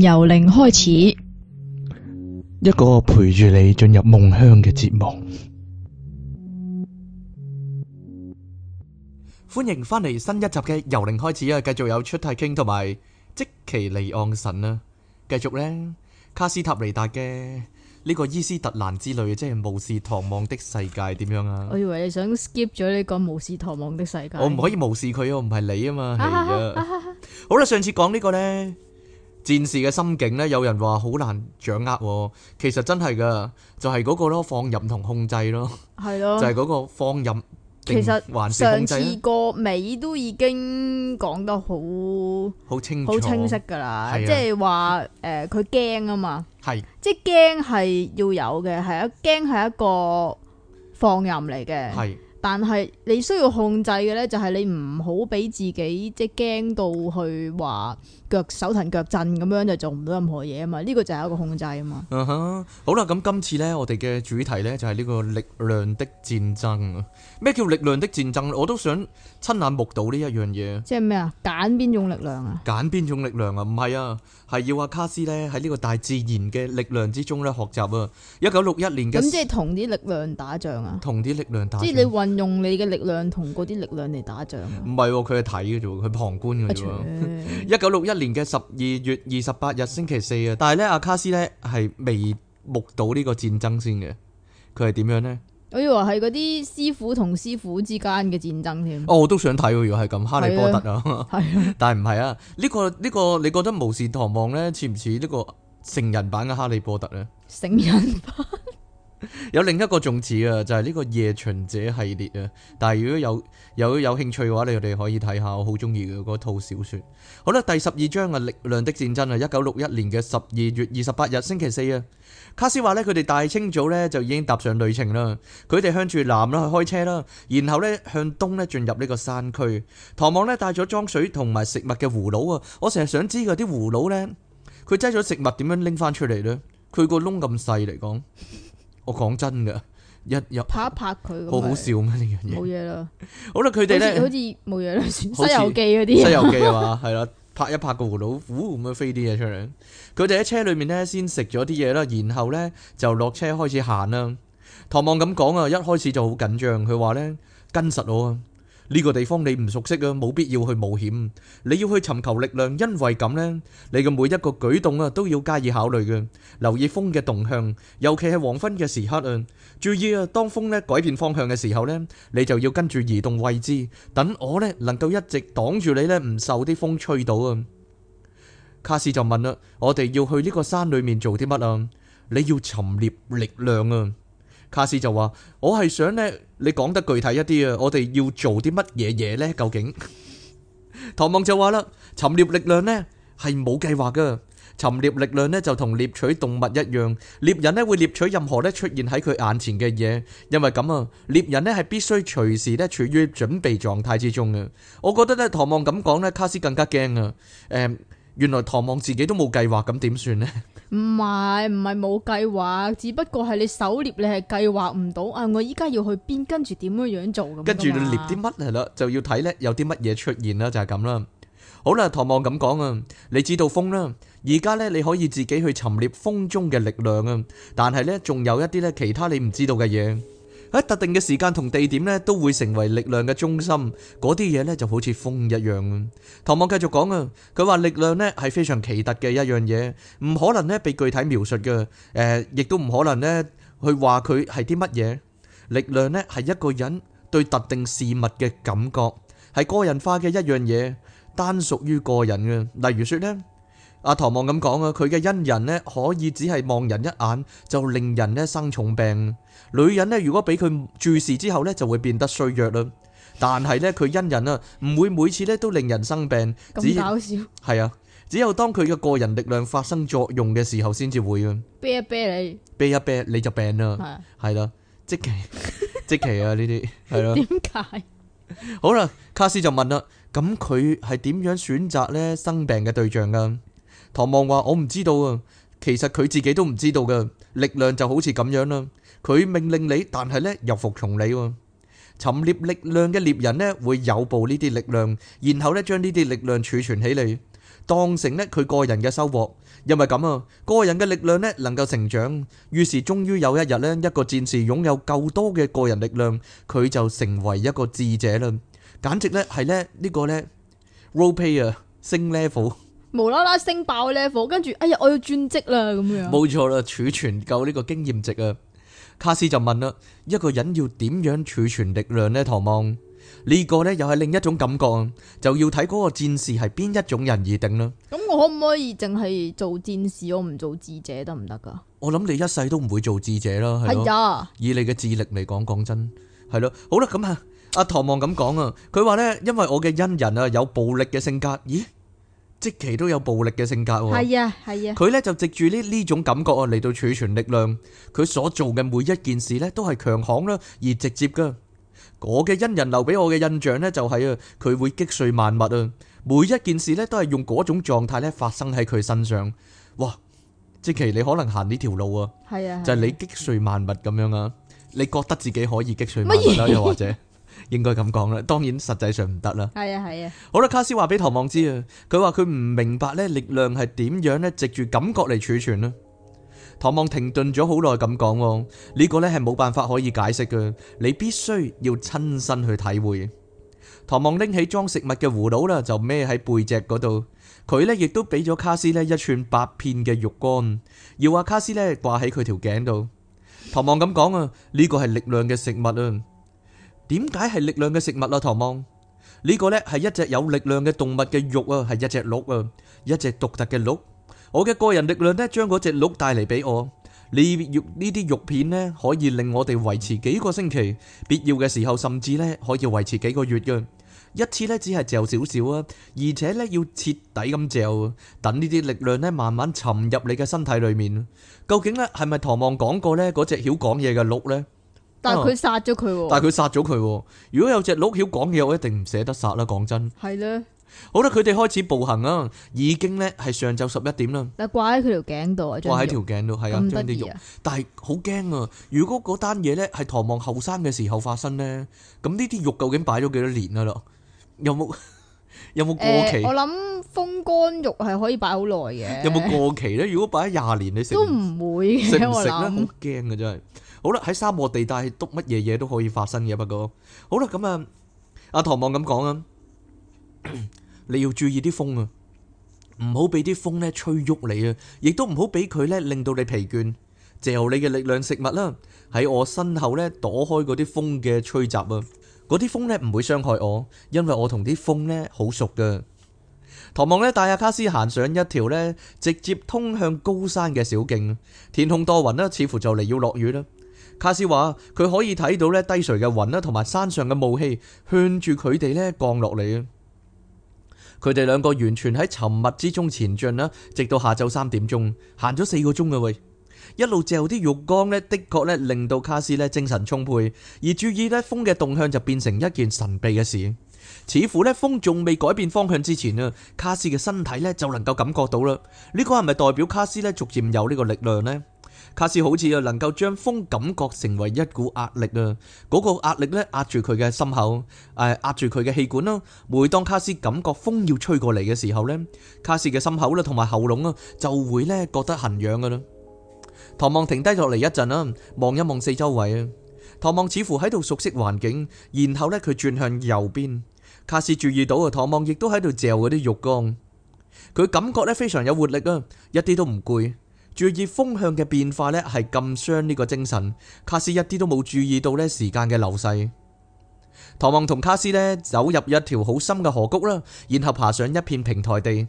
由零開始，一個陪住你進入夢鄉嘅節目。歡迎翻嚟新一集嘅由零開始啊！繼續有出太傾同埋即其離岸神啦、啊。繼續咧卡斯塔尼達嘅呢個伊斯特蘭之旅即係巫士唐望的世界點樣啊？我以為你想 skip 咗呢個巫士唐望的世界。我唔可以無視佢啊！唔係你啊嘛。 啊。 好啦，上次講呢個咧。戰士嘅心境咧，有人話好難掌握，其實真係㗎，就係、是、嗰個咯，放任同控制咯，係咯、啊， 就係嗰個放任。其實上次個尾都已經講得好好清楚好清晰㗎啦，即係話誒，佢驚啊嘛，係是，即係驚係要有嘅，係啊，驚係一個放任嚟嘅，係是，但係你需要控制嘅呢，就係你唔好俾自己即係驚到去話，腳手騰腳震咁樣就做唔到任何嘢啊嘛，呢、這個就係一個控制啊嘛。Uh huh. 好啦，咁今次呢，我哋嘅主題呢，就係呢個力量的戰爭啊。咩叫力量的戰爭？我都想親眼目睹呢一樣嘢。即係咩啊？揀邊種力量啊？揀邊種力量啊？唔係啊，係要阿卡斯呢喺呢個大自然嘅力量之中咧學習啊。一九六一年嘅。咁即係同啲力量打仗啊？同啲力量打仗。即係你運用你嘅力量同嗰啲力量嚟打仗、啊。唔係、啊，佢係睇嘅啫，佢旁觀嘅啫。一九六一。 年嘅十二月二十八日星期四啊，但係咧阿卡斯咧係未目睹呢個戰爭先嘅。佢係點樣呢？我以為係嗰啲師傅同師傅之間嘅戰爭添。哦，我都想睇，如果係咁，哈利波特啊。 係啊，但係唔係啊？呢、這個呢、這個，你覺得無限唐望呢，似唔似呢個成人版嘅哈利波特呢？成人版。有另一個重詞啊，就係呢個夜巡者系列啊。但係如果有有,有,有興趣嘅話，你哋可以睇下，我好中意嘅嗰套小說。好啦，第十二章啊，力量的戰爭啊，一九六一年嘅十二月二十八日星期四啊。卡斯話呢，佢哋大清早呢，就已經踏上旅程啦。佢哋向住南啦去開車啦，然後呢，向東呢進入呢個山區。唐望呢，帶咗裝水同埋食物嘅葫蘆啊。我成日想知啊，啲葫蘆呢，佢擠咗食物點樣拎翻出嚟呢？佢個窿咁細嚟講。我講真噶，一入拍一拍佢，好好笑咩 像呢樣嘢？冇嘢啦。好啦像，佢哋咧好似冇嘢啦，《西遊記》嗰啲。《西遊記》啊嘛，係啦，拍一拍個葫蘆咁樣飛啲嘢出嚟。佢哋喺車裏面咧，先食咗啲嘢啦，然後咧就落車開始行啦。唐望咁講啊，一開始就好緊張，佢話咧跟實我啊。呢個地方你唔熟悉啊，冇必要去冒險。你要去尋求力量，因為咁呢，你嘅每一個舉動啊，都要加以考慮嘅，留意風嘅動向，尤其係黃昏嘅時刻啊，注意啊，當風呢改變方向嘅時候呢，你就要跟住移動位置，等我呢能夠一直擋住你呢，唔受啲風吹到啊。卡斯就問啦：我哋要去呢個山裏面做啲乜啊？你要尋獵力量啊！卡斯就話：我係想咧，你講得具體一啲啊！我哋要做啲乜嘢嘢咧？究竟？唐望就話啦：尋獵力量咧係冇計劃噶，尋獵力量咧就同獵取動物一樣，獵人咧會獵取任何咧出現喺佢眼前嘅嘢，因為咁啊，獵人咧係必須隨時咧處於準備狀態之中啊！我覺得咧，唐望咁講咧，卡斯更加驚啊！誒，原來唐望自己都冇計劃，咁點算咧？唔係唔係冇計劃，只不過係你狩獵你係計劃唔到啊！我依家要去邊，跟住點樣樣做咁？跟住你獵啲乜係啦，就要睇咧有啲乜嘢出現啦，就係咁啦。好啦，唐望咁講啊，你知道風啦，而家咧你可以自己去尋獵風中嘅力量啊，但係咧仲有一啲咧其他你唔知道嘅嘢。喺特定嘅時間同地點咧，都會成為力量嘅中心。嗰啲嘢咧就好似風一樣。唐望繼續講啊，佢話力量咧係非常奇特嘅一樣嘢，唔可能咧被具體描述嘅。誒，亦都唔可能咧去話佢係啲乜嘢。力量咧係一個人對特定事物嘅感覺，係個人化嘅一樣嘢，單屬於個人嘅。例如說咧。阿唐望咁講啊，佢嘅恩人呢可以只係望人一眼就令人呢生重病。女人呢如果俾佢注視之後呢就會變得衰弱啦。但係呢佢恩人啊唔會每次呢都令人生病，只有係啊，只有當佢嘅個人力量發生作用嘅時候先至會啊。啤一啤你，啤一啤你就病啦，係啦，即其即其啊呢啲係咯。點解？好啦，卡斯就問啦，咁佢係點樣選擇呢生病嘅對象噶？唐望話：我唔知道啊，其實佢自己都唔知道噶。力量就好似咁樣啦，佢命令你，但係咧又服從你。尋獵力量嘅獵人咧，會有報呢啲力量，然後咧將呢啲力量儲存起嚟，當成咧佢個人嘅收穫。因為咁啊，個人嘅力量咧能夠成長。於是終於有一日咧，一個戰士擁有夠多嘅個人力量，佢就成為一個智者啦。簡直咧係咧呢個咧，role play 啊，升 level。無啦啦升爆 level，跟住哎呀，我要轉職啦咁樣。冇錯啦，儲存夠呢個經驗值啊！卡斯就問啦：一個人要點樣儲存力量呢？唐望呢個呢又係另一種感覺啊！就要睇嗰個戰士係邊一種人而定啦。咁我可唔可以淨係做戰士，我唔做智者得唔得噶？我諗你一世都唔會做智者啦，係咯？以你嘅智力嚟講，講真係咯。好啦，咁啊，阿唐望咁講啊，佢話呢，因為我嘅恩人啊，有暴力嘅性格，咦？即其都有暴力嘅性格喎，係啊係啊，佢咧就藉住呢呢種感覺啊嚟到儲存力量，佢所做嘅每一件事咧都係強行啦，而直接噶。我嘅恩人留俾我嘅印象咧就係啊，佢會擊碎萬物啊，每一件事咧都係用嗰種狀態咧發生喺佢身上。哇！即其你可能行呢條路啊，係啊，就係你擊碎萬物咁樣啊，你覺得自己可以擊碎萬物啦又或者？應該咁講啦，當然實際上唔得啦。係啊，係啊。好啦，卡斯話俾唐望知啊，佢話佢唔明白咧，力量係點樣咧，藉住感覺嚟儲存啦。唐望停頓咗好耐咁講，呢個咧係冇辦法可以解釋噶，你必須要親身去體會。唐望拎起裝食物嘅葫蘆啦，就孭喺背脊嗰度。佢咧亦都俾咗卡斯咧一串八片嘅肉乾，要話卡斯咧掛喺佢條頸度。唐望咁講啊，呢個係力量嘅食物啊。點解係力量嘅食物啊，唐望？呢個呢係一隻有力量嘅動物嘅肉啊，係一隻鹿啊，一隻獨特嘅鹿。我嘅個人力量呢，將嗰隻鹿帶嚟俾我。呢呢啲肉片呢，可以令我哋維持幾個星期，必要嘅時候甚至呢，可以維持幾個月嘅。一次呢，只係嚼少少啊，而且呢，要徹底咁嚼啊，等呢啲力量呢，慢慢沉入你嘅身體裏面。究竟呢，係咪唐望講過呢嗰隻曉講嘢嘅鹿呢？但係佢殺咗佢，但係佢殺咗佢。如果有隻鹿曉講嘢，我一定唔捨得殺啦。講真，係咧呢。好啦，佢哋開始步行啦，已經咧係上晝十一點啦。嗱，掛喺佢條頸度啊，掛喺條頸度係啊，將啲肉。但係好驚啊！如果嗰單嘢咧係唐望後生嘅時候發生咧，咁呢啲肉究竟擺咗幾多年啊？咯，有冇有冇過期？欸、我諗風乾肉係可以擺好耐嘅。有冇過期咧？如果擺廿年，你食都唔會食唔食咧？好驚啊真係。好啦，喺沙漠地帶篤乜嘢嘢，都可以發生嘅。不過好啦，咁啊，阿唐望咁講啊，你要注意啲風啊，唔好俾啲風咧吹喐你啊，亦都唔好俾佢咧令到你疲倦。藉由你嘅力量，食物啦，喺我身後咧躲開嗰啲風嘅吹襲啊。嗰啲風咧唔會傷害我，因為我同啲風咧好熟噶。唐望咧帶阿卡斯行上一條咧直接通向高山嘅小徑。天空多雲呢，似乎就嚟要落雨啦。卡斯話佢可以睇到咧低垂嘅雲啦，同埋山上嘅霧氣向住佢哋咧降落嚟。佢哋兩個完全喺沉默之中前進啦，直到下晝三點鐘，行咗四個鐘嘅喂，一路嚼啲浴缸咧，的確咧令到卡斯咧精神充沛，而注意咧風嘅動向就變成一件神秘嘅事，似乎咧風仲未改變方向之前啊，卡斯嘅身體咧就能夠感覺到啦，呢個係咪代表卡斯咧逐漸有呢個力量呢？卡斯好似啊，能夠將風感覺成為一股壓力啊！嗰個壓力咧，壓住佢嘅心口，誒，壓住佢嘅氣管咯。每當卡斯感覺風要吹過嚟嘅時候咧，卡斯嘅心口啦，同埋喉嚨啊，就會咧覺得痕癢噶啦。唐望停低落嚟一陣啦，望一望四周圍啊。唐望似乎喺度熟悉環境，然後咧佢轉向右邊。卡斯注意到啊，唐望亦都喺度嚼嗰啲肉乾。佢感覺咧非常有活力啊，一啲都唔攰。注意風向嘅變化呢係咁傷呢個精神。卡斯一啲都冇注意到呢時間嘅流逝。唐望同卡斯呢走入一條好深嘅河谷啦，然後爬上一片平台地。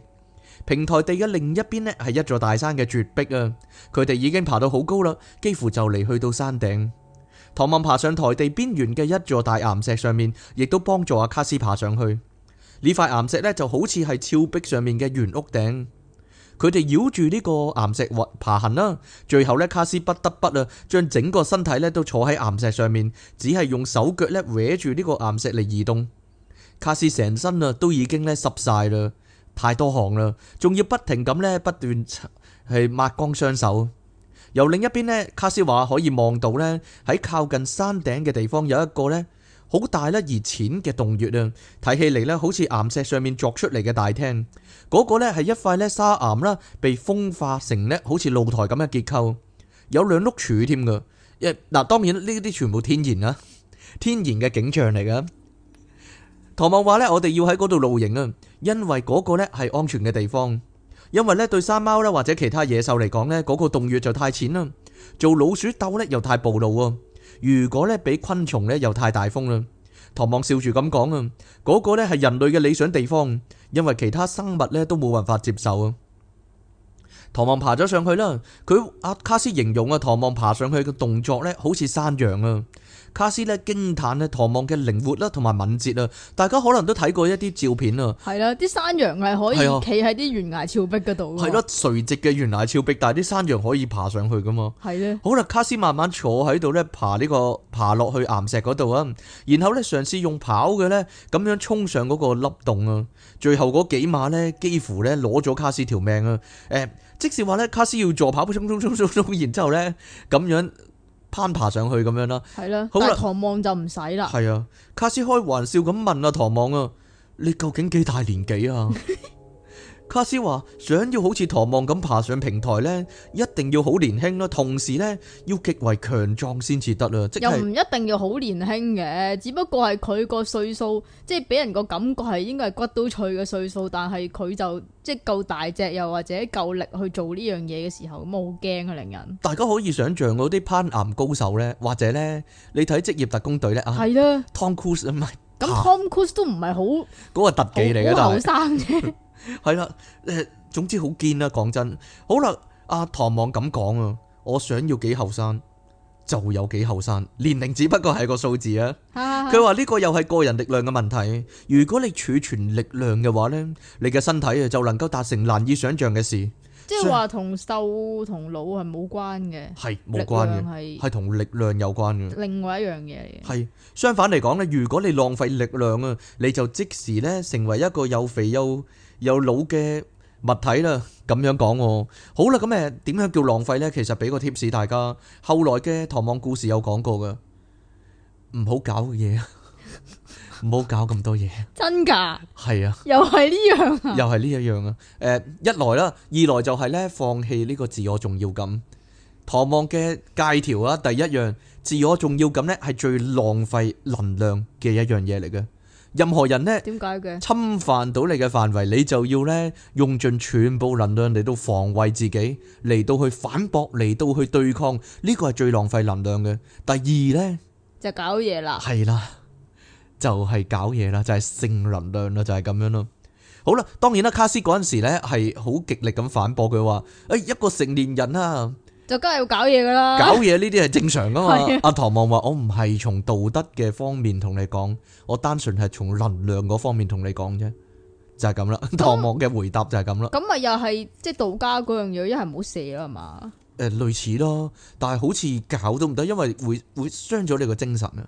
平台地嘅另一邊呢係一座大山嘅絕壁啊。佢哋已經爬到好高啦，幾乎就嚟去到山頂。唐望爬上台地邊緣嘅一座大岩石上面，亦都幫助阿卡斯爬上去。呢塊岩石呢就好似係峭壁上面嘅圓屋頂。佢哋繞住呢個岩石或爬行啦，最後呢，卡斯不得不啊，將整個身體咧都坐喺岩石上面，只係用手腳呢搲住呢個岩石嚟移動。卡斯成身啊都已經呢濕晒啦，太多汗啦，仲要不停咁呢不斷係抹乾雙手。由另一邊呢，卡斯話可以望到呢，喺靠近山頂嘅地方有一個呢好大咧而淺嘅洞穴啊，睇起嚟呢，好似岩石上面鑿出嚟嘅大廳。嗰個咧，係一塊咧砂岩啦，被風化成咧好似露台咁嘅結構，有兩碌柱添嘅。一嗱，當然呢啲全部天然啊，天然嘅景象嚟噶。唐望話咧，我哋要喺嗰度露營啊，因為嗰個咧，係安全嘅地方，因為咧對山貓啦或者其他野獸嚟講咧，嗰個洞穴就太淺啦，做老鼠鬥咧又太暴露。如果咧俾昆蟲咧又太大風啦。唐望笑住咁講啊，嗰個咧，係人類嘅理想地方。因為其他生物咧都冇辦法接受啊，唐望爬咗上去啦，佢阿、啊、卡斯形容啊，唐望爬上去嘅動作咧好似山羊啊。卡斯咧驚歎咧，唐望嘅靈活啦，同埋敏捷啊！大家可能都睇過一啲照片啊。係啦，啲山羊係可以企喺啲懸崖峭壁嗰度。係咯，垂直嘅懸崖峭壁，但係啲山羊可以爬上去噶嘛。係咧的。好啦，卡斯慢慢坐喺度咧，爬呢個爬落去岩石嗰度啊。然後咧，嘗試用跑嘅咧，咁樣衝上嗰個凹洞啊。最後嗰幾碼咧，幾乎咧攞咗卡斯條命啊！誒、欸，即使話咧，卡斯要助跑，衝衝衝衝衝，然之後咧，咁樣。攀爬上去咁樣啦，係啦的，好了，但係唐望就唔使啦。係啊，卡斯開玩笑咁問啊，唐望啊，你究竟幾大年紀啊？ 卡斯話：想要好似唐望咁爬上平台呢，一定要好年輕咯，同時呢，要極為強壯先至得啦。即又唔一定要好年輕嘅，只不過係佢個歲數，即係俾人個感覺係應該係骨都脆嘅歲數，但係佢就即係夠大隻，又或者夠力去做呢樣嘢嘅時候，咁啊好驚啊令人。大家可以想象嗰啲攀岩高手呢，或者呢你睇職業特工隊呢。的啊，係啦，Tom Cruise 唔係咁 Tom Cruise 都唔係好嗰個特技嚟嘅，好後生。 係啦，誒，總之好堅啦，講真，好啦，阿唐望咁講啊，我想要幾後生，就有幾後生，年齡只不過係個數字啊。佢話呢個又係個人力量嘅問題，如果你儲存力量嘅話咧，你嘅身體啊就能夠達成難以想象嘅事。即係話同瘦同老係冇關嘅，係冇關嘅，係係同力量有關嘅。另外一樣嘢嚟嘅，係相反嚟講咧，如果你浪費力量啊，你就即時咧成為一個又肥又有腦嘅物體啦，咁樣講哦。好啦，咁誒，點樣叫浪費咧？其實俾個 tips 大家。後來嘅唐望故事有講過噶，唔好搞嘅嘢，唔好搞咁多嘢。真噶？係啊。又係呢樣啊？又係呢一樣啊？誒，一來啦，二來就係咧，放棄呢個自我重要感。唐望嘅戒條啊，第一樣，自我重要感咧係最浪費能量嘅一樣嘢嚟嘅。任何人呢，點解嘅？侵犯到你嘅範圍，你就要呢用盡全部能量嚟到防衛自己，嚟到去反駁，嚟到去對抗，呢個係最浪費能量嘅。第二呢，就搞嘢啦，係啦，就係搞嘢啦，就係性能量啦，就係咁樣咯。好啦，當然啦，卡斯嗰陣時呢係好極力咁反駁佢話，誒，一個成年人啊。就梗係要搞嘢噶啦！搞嘢呢啲係正常噶嘛？阿的唐望話：我唔係從道德嘅方面同你講，我單純係從能量嗰方面同你講啫，就係咁啦。嗯、唐望嘅回答就係咁啦。咁咪又係即係道家嗰樣嘢，一係唔好寫啦嘛。誒、呃，類似咯，但係好似搞都唔得，因為會會傷咗你個精神啊。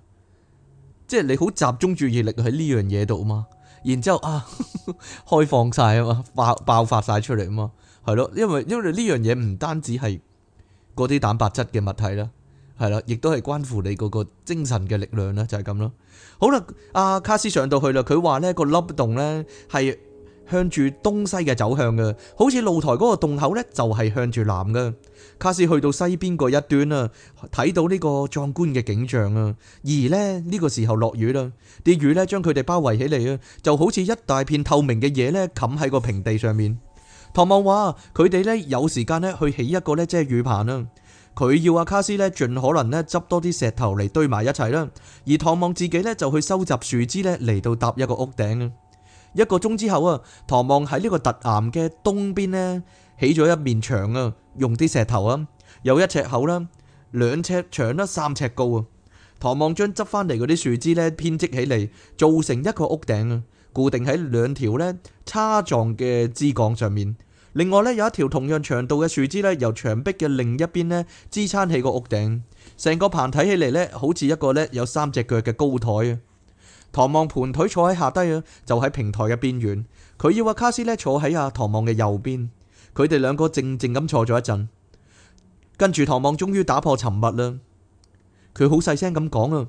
即係你好集中注意力喺呢樣嘢度啊嘛，然之後啊， 開放晒啊嘛，爆爆發晒出嚟啊嘛，係咯，因為因為呢樣嘢唔單止係。嗰啲蛋白質嘅物體啦，係啦，亦都係關乎你嗰個精神嘅力量啦，就係咁咯。好啦，阿、啊、卡斯上到去啦，佢話呢、呢個凹洞,洞呢係向住東西嘅走向嘅，好似露台嗰個洞口呢就係、係、向住南㗎。卡斯去到西邊個一端啊，睇到呢個壯觀嘅景象啊，而呢，呢、呢個時候落雨啦，啲雨呢將佢哋包圍起嚟啊，就好似一大片透明嘅嘢呢冚喺個平地上面。唐望話：佢哋咧有時間咧去起一個咧即係雨棚啊。佢要阿卡斯咧盡可能咧執多啲石頭嚟，堆埋一齊啦。而唐望自己咧就去收集樹枝咧嚟到搭一個屋頂啊。一個鐘之後啊，唐望喺呢個突岩嘅東邊咧起咗一面牆啊，用啲石頭啊，有一尺厚啦，兩尺長啦，三尺高啊。唐望將執翻嚟嗰啲樹枝咧編織起嚟，做成一個屋頂啊。固定喺兩條咧叉狀嘅枝幹上面。另外咧有一條同樣長度嘅樹枝咧，由牆壁嘅另一邊咧支撐起個屋頂。成個棚睇起嚟咧，好似一個咧有三隻腳嘅高臺啊！唐望盤腿坐喺下低啊，就喺平台嘅邊緣。佢要阿卡斯咧坐喺阿唐望嘅右邊。佢哋兩個靜靜咁坐咗一陣，跟住唐望終於打破沉默啦。佢好細聲咁講啊，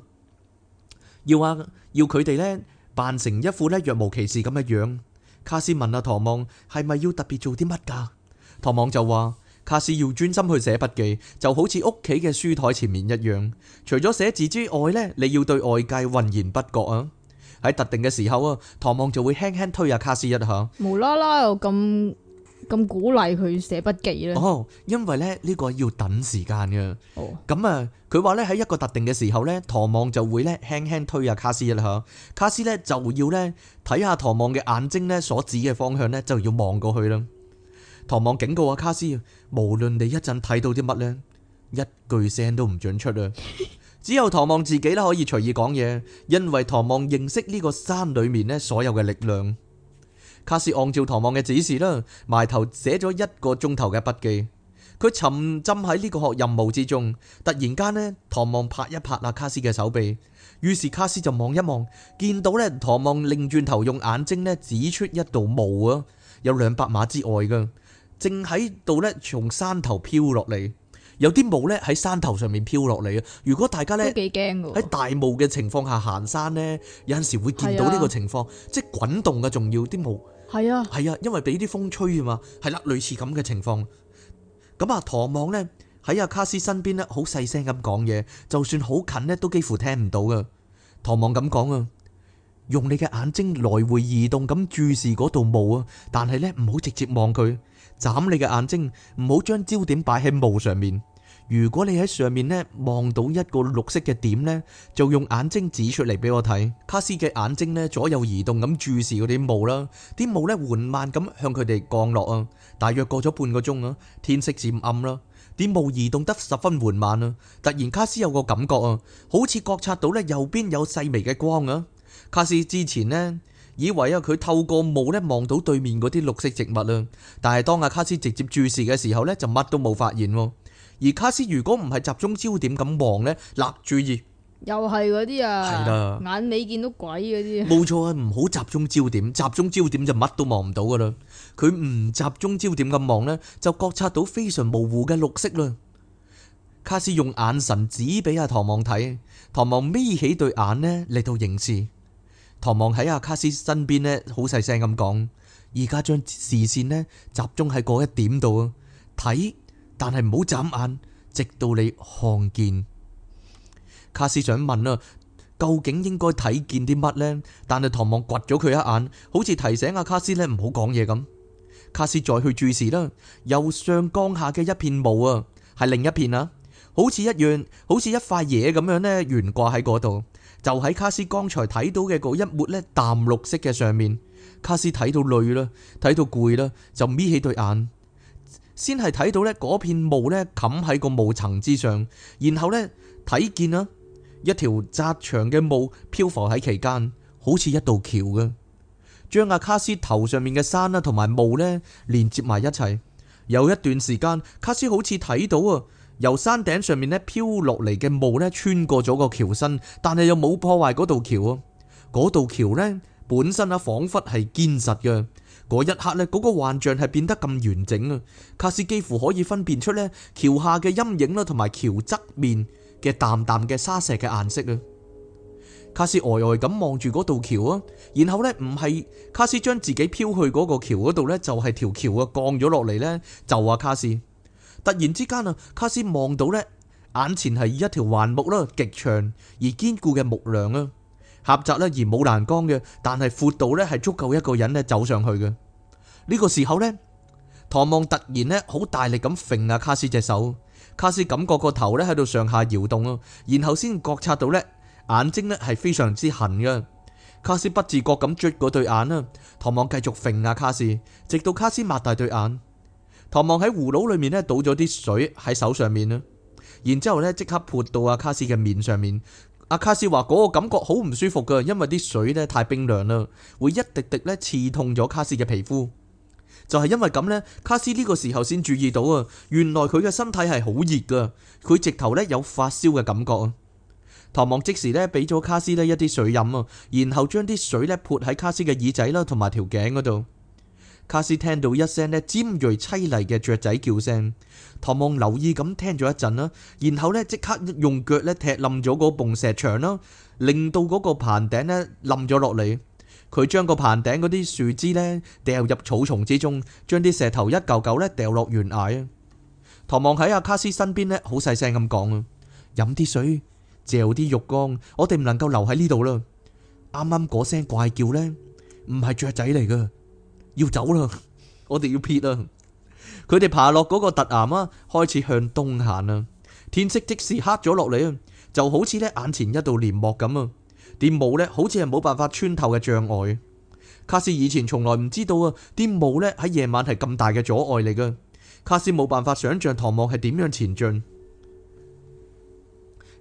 要阿要佢哋咧。扮成一副咧若無其事咁嘅樣，卡斯問阿、啊、唐望係咪要特別做啲乜噶？唐望就話：卡斯要專心去寫筆記，就好似屋企嘅書台前面一樣。除咗寫字之外咧，你要對外界渾然不覺啊！喺特定嘅時候啊，唐望就會輕輕推下、啊、卡斯一下。無啦啦又咁。咁鼓勵佢寫筆記咧？哦，oh, 因為咧呢個要等時間嘅。哦、oh. 嗯，咁啊，佢話咧喺一個特定嘅時候咧，唐望就會咧輕輕推下、啊、卡斯啦下，卡斯咧就要咧睇下唐望嘅眼睛咧所指嘅方向咧，就要望過去啦。唐望警告啊，卡斯，無論你一陣睇到啲乜咧，一句聲都唔准出啊！ 只有唐望自己咧可以隨意講嘢，因為唐望認識呢個山裏面咧所有嘅力量。卡斯按照唐望嘅指示啦，埋頭寫咗一個鐘頭嘅筆記。佢沉浸喺呢個學任務之中，突然間呢，唐望拍一拍阿卡，卡斯嘅手臂，於是卡斯就望一望，見到咧唐望擰轉頭用眼睛咧指出一道霧啊，有兩百碼之外噶，正喺度咧從山頭飄落嚟。有啲霧咧喺山頭上面飄落嚟啊！如果大家咧幾驚喎，喺大霧嘅情況下行山咧，有陣時會見到呢個情況，啊、即係滾動嘅重要啲霧。係啊，係啊，因為俾啲風吹啊嘛，係啦，類似咁嘅情況。咁啊，唐望呢，喺阿卡斯身邊呢，好細聲咁講嘢，就算好近呢，都幾乎聽唔到噶。唐望咁講啊，用你嘅眼睛來回移動咁注視嗰度霧啊，但係呢，唔好直接望佢，眨你嘅眼睛，唔好將焦點擺喺霧上面。如果你喺上面咧，望到一個綠色嘅點呢，就用眼睛指出嚟俾我睇。卡斯嘅眼睛咧，左右移動咁注視嗰啲霧啦，啲霧呢緩慢咁向佢哋降落啊。大約過咗半個鐘啊，天色漸暗啦，啲霧移動得十分緩慢啊。突然，卡斯有個感覺啊，好似覺察到呢右邊有細微嘅光啊。卡斯之前呢，以為啊，佢透過霧呢望到對面嗰啲綠色植物啦，但係當阿卡斯直接注視嘅時候呢就乜都冇發現。而卡斯如果唔係集中焦點咁望呢，立注意，又係嗰啲啊，係啦的，眼尾見到鬼嗰啲，冇錯啊！唔好集中焦點，集中焦點就乜都望唔到噶啦。佢唔集中焦點咁望呢，就覺察到非常模糊嘅綠色啦。卡斯用眼神指俾阿唐望睇，唐望眯起對眼呢，嚟到凝視。唐望喺阿卡斯身邊呢，好細聲咁講，而家將視線呢集中喺嗰一點度啊，睇。但係唔好眨眼，直到你看見。卡斯想問啦，究竟應該睇見啲乜呢？但係唐望掘咗佢一眼，好似提醒阿卡斯呢唔好講嘢咁。卡斯再去注視啦，右上江下嘅一片霧啊，係另一片啊，好似一樣，好似一塊嘢咁樣呢。懸掛喺嗰度，就喺卡斯剛才睇到嘅嗰一抹咧淡綠色嘅上面。卡斯睇到累啦，睇到攰啦，就眯起對眼。先係睇到咧嗰片霧咧冚喺個霧層之上，然後呢睇見啊一條窄長嘅霧漂浮喺其間，好似一道橋嘅，將阿、啊、卡斯頭上面嘅山啦同埋霧呢連接埋一齊。有一段時間，卡斯好似睇到啊由山頂上面呢飄落嚟嘅霧呢穿過咗個橋身，但係又冇破壞嗰道橋啊。嗰道橋呢本身啊仿佛係堅實嘅。嗰一刻呢嗰、嗰個幻象係變得咁完整啊！卡斯幾乎可以分辨出呢橋下嘅陰影啦，同埋橋側面嘅淡淡嘅沙石嘅顏色啊！卡斯呆呆咁望住嗰度橋啊，然後呢唔係卡斯將自己飄去嗰個橋嗰度呢就係、係、條橋啊降咗落嚟呢，就話卡斯！突然之間啊，卡斯望到呢眼前係一條橫木啦，極長而堅固嘅木樑啊！狹窄而冇欄杆嘅，但係闊度咧係足夠一個人咧走上去嘅。呢個時候呢，唐望突然咧好大力咁揈阿卡斯隻手，卡斯感覺個頭咧喺度上下搖動咯，然後先覺察到呢眼睛呢係非常之痕嘅。卡斯不自覺咁啜嗰對眼啦，唐望繼續揈阿卡斯，直到卡斯擘大對眼。唐望喺葫蘆裏面咧倒咗啲水喺手上面啦，然之後咧即刻潑到阿卡斯嘅面上面。阿卡斯話嗰個感覺好唔舒服噶，因為啲水咧太冰涼啦，會一滴滴咧刺痛咗卡斯嘅皮膚。就係因為咁呢，卡斯呢個時候先注意到啊，原來佢嘅身體係好熱噶，佢直頭呢有發燒嘅感覺啊。唐望即時呢俾咗卡斯呢一啲水飲啊，然後將啲水呢潑喺卡斯嘅耳仔啦同埋條頸嗰度。卡斯聽到一聲咧尖銳凄厲嘅雀仔叫聲，唐望留意咁聽咗一陣啦，然後呢，即刻用腳咧踢冧咗個崩石牆啦，令到嗰個棚頂咧冧咗落嚟。佢將個棚頂嗰啲樹枝呢掉入草叢之中，將啲石頭一嚿嚿咧掉落懸崖啊！唐望喺阿卡斯身邊呢，好細聲咁講啊：飲啲水，嚼啲肉乾，我哋唔能夠留喺呢度啦。啱啱嗰聲怪叫呢，唔係雀仔嚟噶。要走啦，我哋要撇啦。佢哋爬落嗰個凸岩啊，開始向東行啦。天色即時黑咗落嚟啊，就好似咧眼前一度簾幕咁啊。啲霧咧好似係冇辦法穿透嘅障礙。卡斯以前從來唔知道啊，啲霧咧喺夜晚係咁大嘅阻礙嚟噶。卡斯冇辦法想象唐望係點樣前進。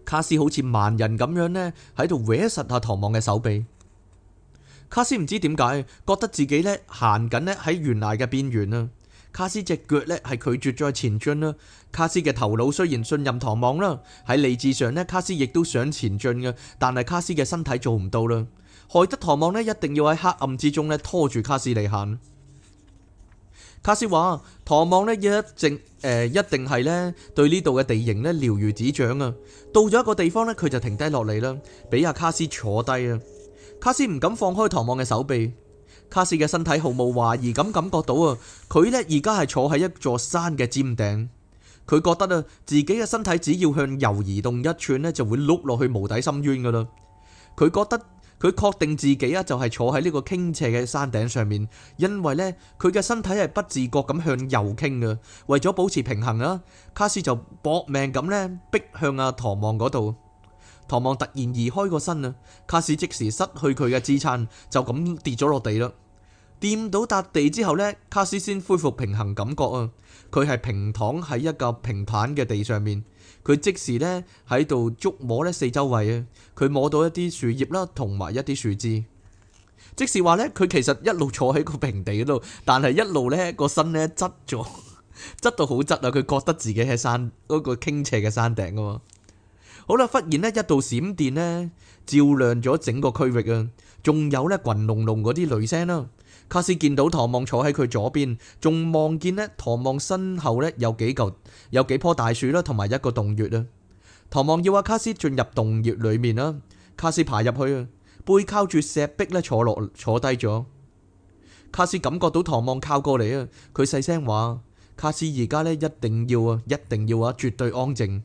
卡斯好似盲人咁樣咧喺度搲實下唐望嘅手臂。卡斯唔知點解，覺得自己咧行緊咧喺懸崖嘅邊緣啦。卡斯隻腳咧係拒絕再前進啦。卡斯嘅頭腦雖然信任唐望啦，喺理智上咧卡斯亦都想前進嘅，但係卡斯嘅身體做唔到啦，害得唐望咧一定要喺黑暗之中咧拖住卡斯嚟行。卡斯話：唐望咧一直誒一定係咧、呃、對呢度嘅地形咧了如指掌啊！到咗一個地方咧，佢就停低落嚟啦，俾阿卡斯坐低啊！卡斯唔敢放開唐望嘅手臂，卡斯嘅身體毫無懷疑咁感覺到啊，佢咧而家係坐喺一座山嘅尖頂，佢覺得啊自己嘅身體只要向右移動一寸咧就會碌落去無底深淵噶啦，佢覺得佢確定自己啊就係坐喺呢個傾斜嘅山頂上面，因為咧佢嘅身體係不自覺咁向右傾噶，為咗保持平衡啊，卡斯就搏命咁咧逼向阿唐望嗰度。唐望突然移開個身啦，卡斯即時失去佢嘅支撐，就咁跌咗落地啦。掂到笪地之後呢，卡斯先恢復平衡感覺啊。佢係平躺喺一個平坦嘅地上面，佢即時呢喺度觸摸呢四周圍啊。佢摸到一啲樹葉啦，同埋一啲樹枝。即時話呢，佢其實一路坐喺個平地嗰度，但係一路呢個身呢側咗，側到好側啊。佢覺得自己喺山嗰個傾斜嘅山頂啊。好啦，忽然呢，一道閃電呢，照亮咗整個區域啊！仲有呢，轟隆隆嗰啲雷聲啦。卡斯見到唐望坐喺佢左邊，仲望見呢，唐望身後呢，有幾嚿有幾棵大樹啦，同埋一個洞穴啊。唐望要阿卡斯進入洞穴裏面啦，卡斯爬入去啊，背靠住石壁咧坐落坐低咗。卡斯感覺到唐望靠過嚟啊，佢細聲話：卡斯而家呢，一定要啊，一定要啊，絕對安靜。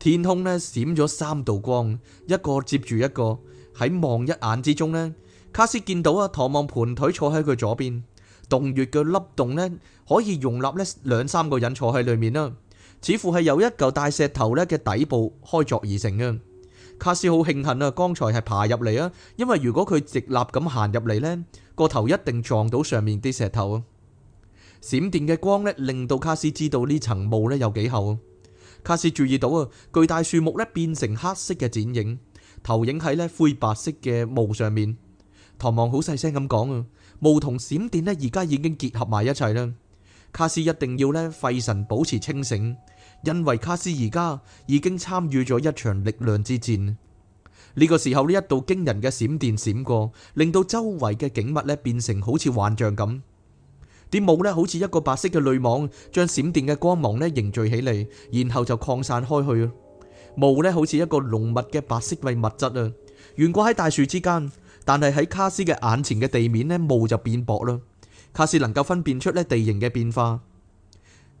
天空咧閃咗三道光，一個接住一個喺望一眼之中咧。卡斯見到啊，唐望盤腿坐喺佢左邊洞穴嘅凹洞咧，可以容納咧兩三個人坐喺裏面啦。似乎係由一嚿大石頭咧嘅底部開鑿而成嘅。卡斯好慶幸啊，剛才係爬入嚟啊，因為如果佢直立咁行入嚟咧，個頭一定撞到上面啲石頭啊。閃電嘅光咧，令到卡斯知道呢層霧咧有幾厚。卡斯注意到啊，巨大樹木咧變成黑色嘅剪影，投影喺咧灰白色嘅霧上面。唐望好細聲咁講啊，霧同閃電呢而家已經結合埋一齊啦。卡斯一定要咧費神保持清醒，因為卡斯而家已經參與咗一場力量之戰。呢個時候呢，一道驚人嘅閃電閃過，令到周圍嘅景物咧變成好似幻象咁。啲霧咧好似一個白色嘅濾網，將閃電嘅光芒咧凝聚起嚟，然後就擴散開去咯。霧咧好似一個濃密嘅白色廢物質啊，懸掛喺大樹之間，但係喺卡斯嘅眼前嘅地面咧，霧就變薄啦。卡斯能夠分辨出咧地形嘅變化。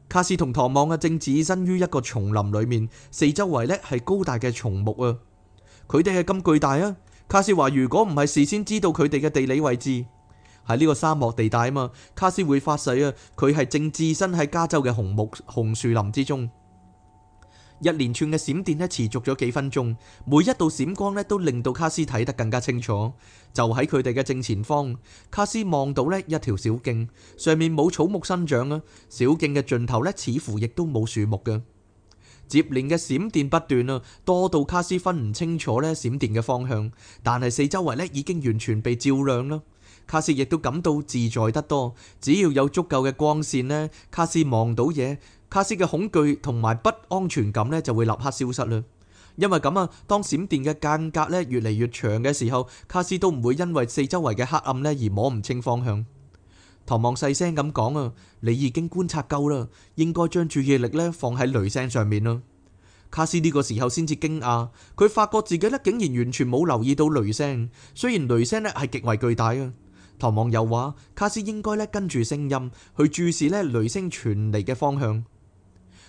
卡斯同唐望嘅正置身於一個松林裏面，四周圍咧係高大嘅松木啊。佢哋係咁巨大啊！卡斯話如果唔係事先知道佢哋嘅地理位置。喺呢個沙漠地帶啊嘛，卡斯會發誓啊，佢係正置身喺加州嘅紅木紅樹林之中。一連串嘅閃電咧持續咗幾分鐘，每一道閃光咧都令到卡斯睇得更加清楚。就喺佢哋嘅正前方，卡斯望到呢一條小徑，上面冇草木生長啊。小徑嘅盡頭咧，似乎亦都冇樹木嘅。接連嘅閃電不斷啊，多到卡斯分唔清楚咧閃電嘅方向，但係四周圍咧已經完全被照亮啦。卡斯亦都感到自在得多，只要有足夠嘅光線呢，卡斯望到嘢，卡斯嘅恐懼同埋不安全感呢就會立刻消失啦。因為咁啊，當閃電嘅間隔呢越嚟越長嘅時候，卡斯都唔會因為四周圍嘅黑暗呢而摸唔清方向。唐望細聲咁講啊，你已經觀察夠啦，應該將注意力呢放喺雷聲上面啦。卡斯呢個時候先至驚訝，佢發覺自己呢竟然完全冇留意到雷聲，雖然雷聲呢係極為巨大啊。唐望又話：卡斯應該咧跟住聲音去注視咧雷聲傳嚟嘅方向。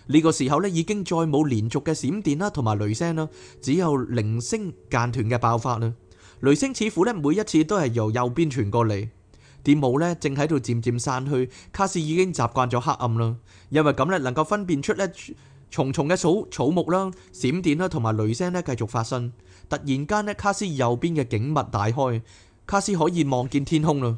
呢個時候咧已經再冇連續嘅閃電啦，同埋雷聲啦，只有零星間斷嘅爆發啦。雷聲似乎咧每一次都係由右邊傳過嚟。電霧咧正喺度漸漸散去。卡斯已經習慣咗黑暗啦，因為咁咧能夠分辨出咧重重嘅草草木啦、閃電啦同埋雷聲咧繼續發生。突然間咧，卡斯右邊嘅景物大開。卡斯可以望見天空啦，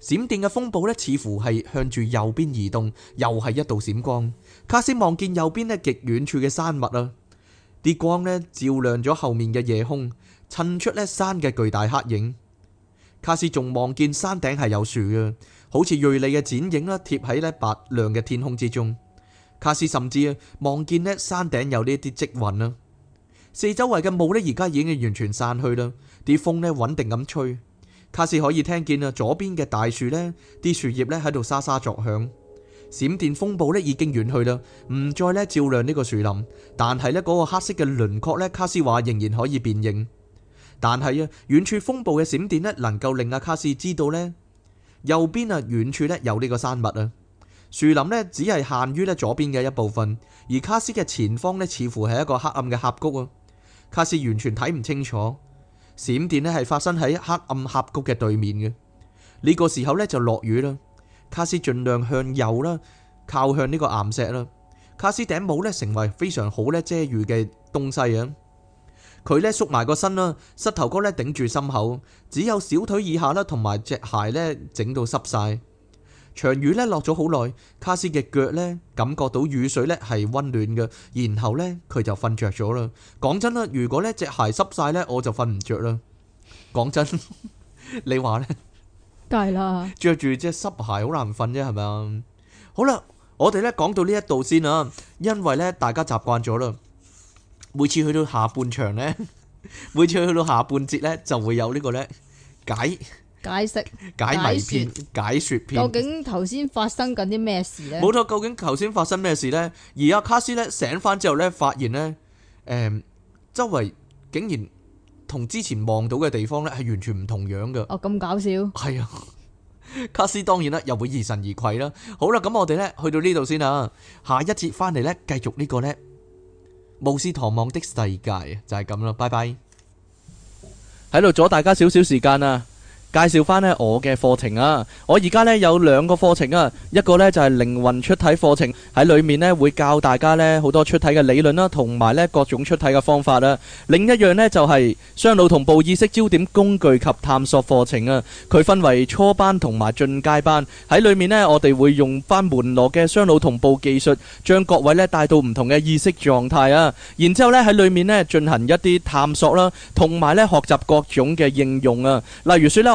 閃電嘅風暴咧，似乎係向住右邊移動，又係一道閃光。卡斯望見右邊咧極遠處嘅山脈啦，啲光咧照亮咗後面嘅夜空，襯出咧山嘅巨大黑影。卡斯仲望見山頂係有樹嘅，好似銳利嘅剪影啦，貼喺咧白亮嘅天空之中。卡斯甚至啊望見咧山頂有呢啲積雲啦，四周圍嘅霧咧而家已經完全散去啦。啲風呢穩定咁吹，卡斯可以聽見啊，左邊嘅大樹呢啲樹葉呢喺度沙沙作響。閃電風暴呢已經遠去啦，唔再呢照亮呢個樹林。但係呢嗰個黑色嘅輪廓呢，卡斯話仍然可以辨認。但係啊，遠處風暴嘅閃電呢能夠令阿卡斯知道呢，右邊啊遠處呢有呢個山脈啊。樹林呢只係限於呢左邊嘅一部分，而卡斯嘅前方呢似乎係一個黑暗嘅峽谷啊。卡斯完全睇唔清楚。閃電咧係發生喺黑暗峽谷嘅對面嘅呢個時候呢，就落雨啦，卡斯盡量向右啦，靠向呢個岩石啦，卡斯頂帽呢，成為非常好咧遮雨嘅東西啊，佢呢縮埋個身啦，膝頭哥呢頂住心口，只有小腿以下啦同埋隻鞋呢，整到濕晒。長雨咧落咗好耐，卡斯嘅腳咧感覺到雨水咧係溫暖嘅，然後咧佢就瞓着咗啦。講真啦，如果咧隻鞋濕晒咧，我就瞓唔着啦。講真，你話咧？係啦，着住隻濕鞋好難瞓啫，係咪啊？好啦，我哋咧講到呢一度先啦，因為咧大家習慣咗啦，每次去到下半場咧，每次去到下半節咧就會有呢個咧解。解釋解謎片解說片，究竟頭先發生緊啲咩事呢？冇錯，究竟頭先發生咩事呢？而阿卡斯呢醒翻，之後呢，發現呢，誒，周圍竟然同之前望到嘅地方呢係完全唔同樣嘅。哦，咁搞笑係啊！卡斯當然啦，又會疑神疑鬼啦。好啦，咁我哋呢去到呢度先啦。下一節翻嚟呢，繼續呢個呢《巫士唐望》的世界就係咁啦。拜拜，喺度阻大家少少時間啊！介紹翻咧我嘅課程啊！我而家咧有兩個課程啊，一個咧就係靈魂出體課程，喺裏面咧會教大家咧好多出體嘅理論啦，同埋咧各種出體嘅方法啦。另一樣咧就係雙腦同步意識焦點工具及探索課程啊，佢分為初班同埋進階班。喺裏面咧，我哋會用返門羅嘅雙腦同步技術，將各位咧帶到唔同嘅意識狀態啊。然之後咧喺裏面咧進行一啲探索啦，同埋咧學習各種嘅應用啊。例如説咧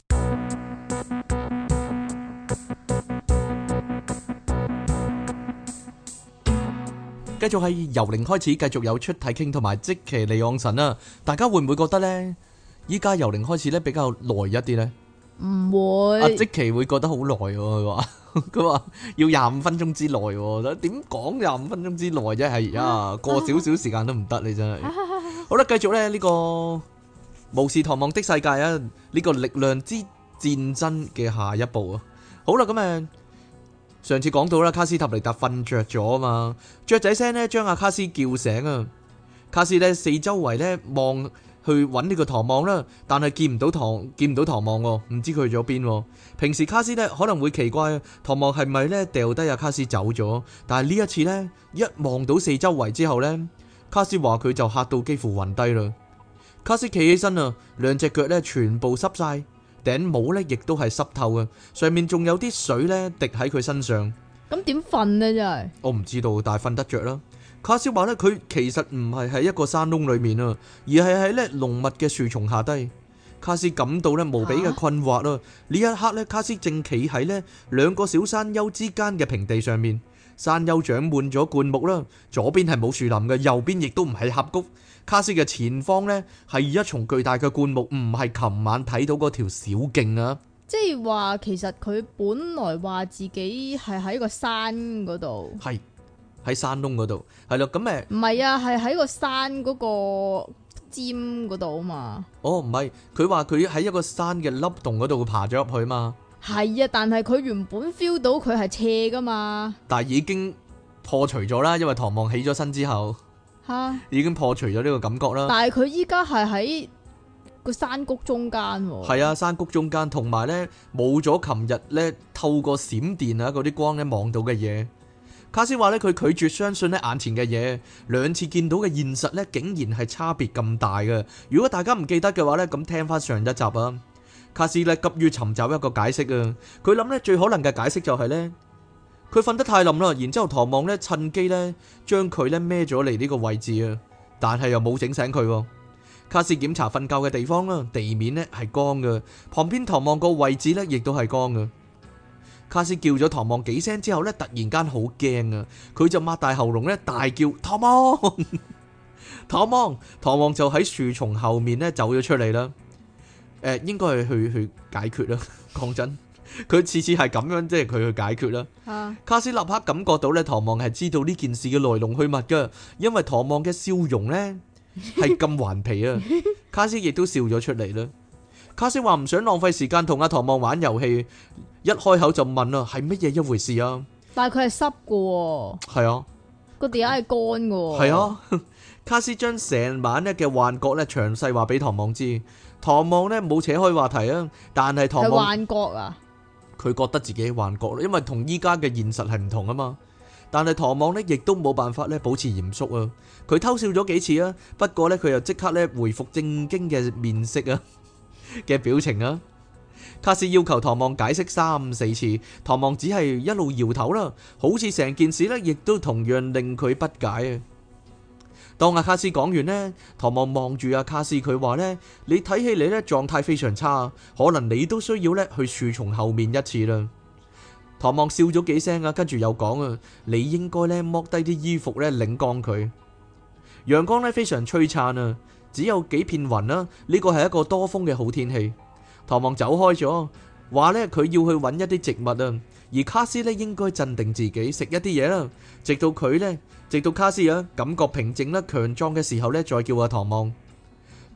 繼續係由零開始，繼續有出體傾同埋即其利昂神啊！大家會唔會覺得呢？依家，由零開始呢，比較耐一啲呢？唔會啊！即其會覺得好耐，哦，佢話佢話要廿五分鐘之內，哦，點講廿五分鐘之內啫？係啊，呀過少少時間都唔得， 你真係 好啦！繼續呢，呢、這個巫士唐望的世界啊！呢、這個力量之戰爭嘅下一步啊！好啦，咁、嗯、啊～上次講到啦，卡斯塔尼達瞓着咗啊嘛，雀仔聲咧將阿卡斯叫醒啊，卡斯咧四周圍咧望去揾呢個唐望啦，但係見唔到唐，見唔到唐望喎，唔知佢去咗邊喎。平時卡斯咧可能會奇怪啊，唐望係咪咧掉低阿卡斯走咗？但係呢一次咧，一望到四周圍之後呢，卡斯話佢就嚇到幾乎暈低啦。卡斯企起身啊，兩隻腳咧全部濕晒。頂帽咧，亦都係濕透嘅，上面仲有啲水咧滴喺佢身上。咁點瞓咧？真係我唔知道，但係瞓得着啦。卡斯話咧，佢其實唔係喺一個山窿裏面啊，而係喺咧濃密嘅樹叢下低。卡斯感到咧無比嘅困惑啦。呢一刻咧，卡斯正企喺呢兩個小山丘之間嘅平地上面，山丘長滿咗灌木啦。左邊係冇樹林嘅，右邊亦都唔係峽谷。卡斯嘅前方咧，係一重巨大嘅灌木，唔係琴晚睇到嗰條小徑啊！即係話，其實佢本來話自己係喺個山嗰度，係喺山窿嗰度，係咯咁，誒，唔係啊，係喺個山嗰個尖嗰度啊嘛。哦，唔係，佢話佢喺一個山嘅凹洞嗰度爬咗入去啊嘛。係啊、哦，但係佢原本 feel 到佢係斜噶嘛，但係已經破除咗啦，因為唐望起咗身之後。吓，哈已經破除咗呢個感覺啦。但係佢依家係喺個山谷中間啊。係啊，山谷中間，同埋呢冇咗琴日呢透過閃電啊嗰啲光呢望到嘅嘢。卡斯話呢，佢拒絕相信呢眼前嘅嘢，兩次見到嘅現實呢竟然係差別咁大嘅。如果大家唔記得嘅話呢，咁聽翻上一集啊。卡斯呢，急於尋找一個解釋啊，佢諗呢，最可能嘅解釋就係呢。佢瞓得太冧啦，然之後唐望咧趁機咧將佢咧孭咗嚟呢個位置啊，但係又冇整醒佢。卡斯檢查瞓覺嘅地方啦，地面咧係乾嘅，旁邊唐望個位置咧亦都係乾嘅。卡斯叫咗唐望幾聲之後咧，突然間好驚啊，佢就擘大喉嚨咧大叫：唐望，唐望，唐望！就喺樹叢後面咧走咗出嚟啦。誒，應該係去去解決啦，講真。佢次次係咁樣，即係佢去解決啦。卡斯立刻感覺到咧，唐望係知道呢件事嘅來龍去脈噶，因為唐望嘅笑容咧係咁頑皮啊。卡斯亦都笑咗出嚟啦。卡斯話唔想浪費時間同阿唐望玩遊戲，一開口就問啦，係乜嘢一回事啊？但係佢係濕噶，係啊，個地下係乾噶，係啊。卡斯將成晚嘅幻覺咧詳細話俾唐望知，唐望咧冇扯開話題啊，但係唐望幻覺啊。佢覺得自己幻覺咯，因為同依家嘅現實係唔同啊嘛。但係唐望呢，亦都冇辦法咧保持嚴肅啊。佢偷笑咗幾次啊，不過咧佢又即刻咧回復正經嘅面色啊嘅表情啊。卡斯要求唐望解釋三四次，唐望只係一路搖頭啦，好似成件事呢，亦都同樣令佢不解啊。當阿卡斯講完呢，唐望望住阿卡斯，佢話呢，你睇起嚟咧狀態非常差，可能你都需要咧去樹叢後面一次啦。唐望笑咗幾聲啊，跟住又講啊：你應該呢，剝低啲衣服呢，擰乾佢。陽光呢非常璀璨啊，只有幾片雲啦。呢個係一個多風嘅好天氣。唐望走開咗，話呢，佢要去揾一啲植物啊。而卡斯呢應該鎮定自己，食一啲嘢啦，直到佢呢。直到卡斯啊感覺平靜啦、強壯嘅時候咧，再叫阿唐望。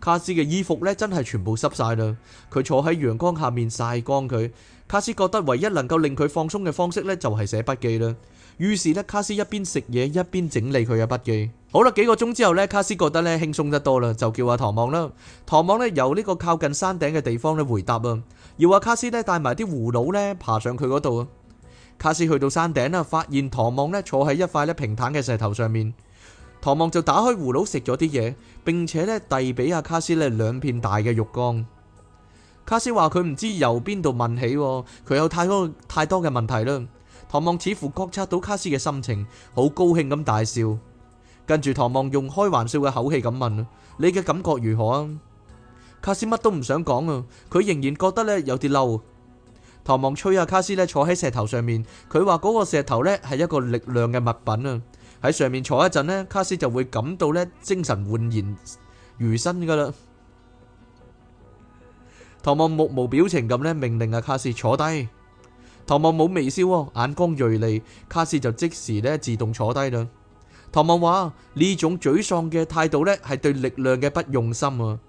卡斯嘅衣服咧真係全部濕晒啦，佢坐喺陽光下面晒乾佢。卡斯覺得唯一能夠令佢放鬆嘅方式呢，就係寫筆記啦。於是呢，卡斯一邊食嘢一邊整理佢嘅筆記。好啦，幾個鐘之後呢，卡斯覺得咧輕鬆得多啦，就叫阿唐望啦。唐望呢，由呢個靠近山頂嘅地方咧回答啊，要阿卡斯呢帶埋啲葫蘆呢爬，爬上佢嗰度啊。卡斯去到山頂啦，發現唐望咧坐喺一塊咧平坦嘅石頭上面。唐望就打開葫蘆食咗啲嘢，並且咧遞俾阿卡斯咧兩片大嘅肉乾。卡斯話佢唔知由邊度問起，佢有太多太多嘅問題啦。唐望似乎覺察到卡斯嘅心情，好高興咁大笑。跟住唐望用開玩笑嘅口氣咁問：你嘅感覺如何啊？卡斯乜都唔想講啊，佢仍然覺得咧有啲嬲。唐望吹下、啊、卡斯咧坐喺石頭上面，佢話嗰個石頭咧係一個力量嘅物品啊，喺上面坐一陣呢，卡斯就會感到咧精神煥然如新噶啦。唐望目無表情咁咧命令阿卡斯坐低，唐望冇微笑，眼光銳利，卡斯就即時咧自動坐低啦。唐望話呢種沮喪嘅態度咧係對力量嘅不用心啊。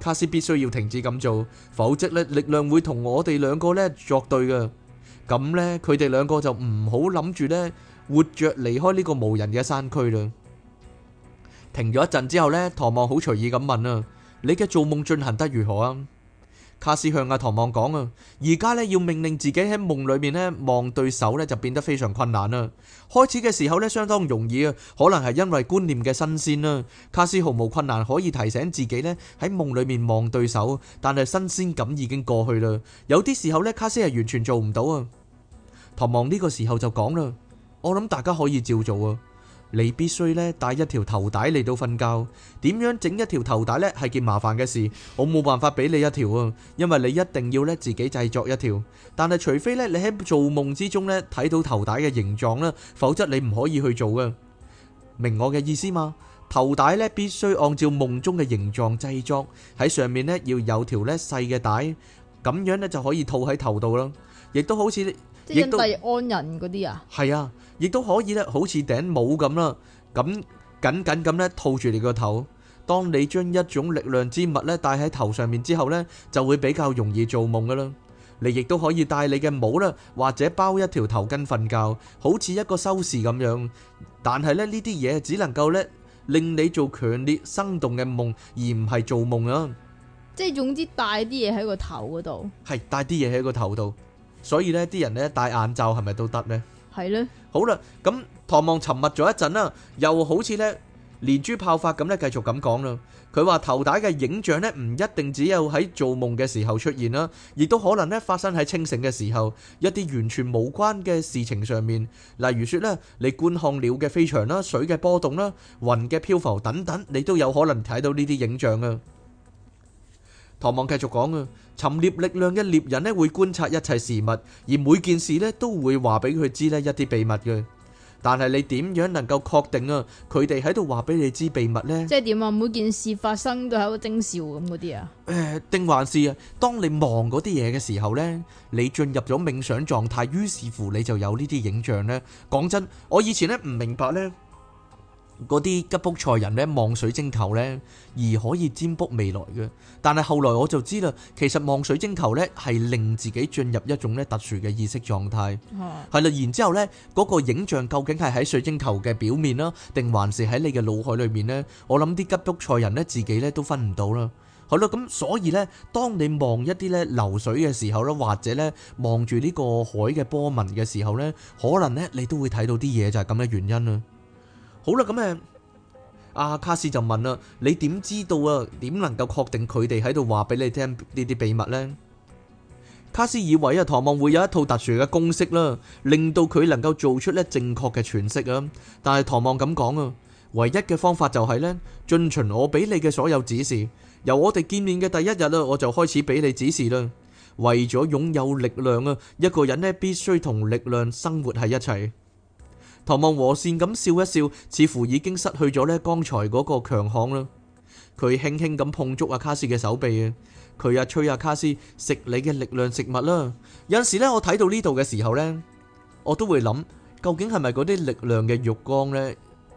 卡斯必須要停止咁做，否則咧力量會同我哋兩個咧作對㗎。咁咧佢哋兩個就唔好諗住咧活着離開呢個無人嘅山區啦。停咗一陣之後咧，唐望好隨意咁問啊：你嘅做夢進行得如何啊？卡斯向阿唐望講啊，而家呢要命令自己喺夢裏面呢望對手呢，就變得非常困難啦。開始嘅時候呢相當容易啊，可能係因為觀念嘅新鮮啦。卡斯毫無困難可以提醒自己呢喺夢裏面望對手，但係新鮮感已經過去啦。有啲時候呢，卡斯係完全做唔到啊。唐望呢個時候就講啦，我諗大家可以照做啊。你必須咧帶一條頭帶嚟到瞓覺，點樣整一條頭帶咧？係件麻煩嘅事，我冇辦法俾你一條啊，因為你一定要咧自己製作一條，但係除非咧你喺做夢之中咧睇到頭帶嘅形狀啦，否則你唔可以去做啊。明我嘅意思嘛？頭帶咧必須按照夢中嘅形狀製作，喺上面咧要有條咧細嘅帶，咁樣咧就可以套喺頭度啦，亦都好似。即係印第安人嗰啲啊，係啊，亦都可以咧，好似頂帽咁啦，咁緊緊咁咧套住你個頭。當你將一種力量之物咧戴喺頭上面之後咧，就會比較容易做夢噶啦。你亦都可以戴你嘅帽啦，或者包一條頭巾瞓覺，好似一個修士咁樣。但係咧呢啲嘢只能夠咧令你做強烈生動嘅夢，而唔係做夢啊。即係總之，戴啲嘢喺個頭嗰度，係戴啲嘢喺個頭度。所以咧，啲人咧戴眼罩係咪都得咧？係咧。好啦，咁唐望沉默咗一陣啦，又好似咧連珠炮發咁咧，繼續咁講啦。佢話頭戴嘅影像咧，唔一定只有喺做夢嘅時候出現啦，亦都可能咧發生喺清醒嘅時候，一啲完全無關嘅事情上面。例如説咧，你觀看鳥嘅飛翔啦、水嘅波動啦、雲嘅漂浮等等，你都有可能睇到呢啲影像啊。唐望繼續講啊，尋獵力量嘅獵人咧會觀察一切事物，而每件事咧都會話俾佢知咧一啲秘密嘅。但係你點樣能夠確定啊？佢哋喺度話俾你知秘密呢？即係點啊？每件事發生都喺度徵兆咁嗰啲啊？誒、呃，定還是啊？當你望嗰啲嘢嘅時候呢，你進入咗冥想狀態，於是乎你就有呢啲影像呢。講真，我以前咧唔明白呢。嗰啲吉卜賽人咧望水晶球咧而可以占卜未來嘅，但係後來我就知啦，其實望水晶球咧係令自己進入一種咧特殊嘅意識狀態，係啦，然之後咧嗰個影像究竟係喺水晶球嘅表面啦，定還是喺你嘅腦海裡面咧？我諗啲吉卜賽人咧自己咧都分唔到啦，係咯，咁所以咧，當你望一啲咧流水嘅時候啦，或者咧望住呢個海嘅波紋嘅時候咧，可能咧你都會睇到啲嘢，就係咁嘅原因啦。好啦，咁啊，阿卡斯就問啦，你點知道啊？點能夠確定佢哋喺度話俾你聽呢啲秘密呢？卡斯以為啊，唐望會有一套特殊嘅公式啦，令到佢能夠做出咧正確嘅詮釋啊。但係唐望咁講啊，唯一嘅方法就係呢，遵循我俾你嘅所有指示。由我哋見面嘅第一日啊，我就開始俾你指示啦。為咗擁有力量啊，一個人呢必須同力量生活喺一齊。唐望和善咁笑一笑，似乎已經失去咗呢剛才嗰個強項啦。佢輕輕咁碰觸阿卡斯嘅手臂啊，佢啊催，阿卡斯食你嘅力量食物啦。有陣時咧，我睇到呢度嘅時候呢，我都會諗，究竟係咪嗰啲力量嘅肉缸呢？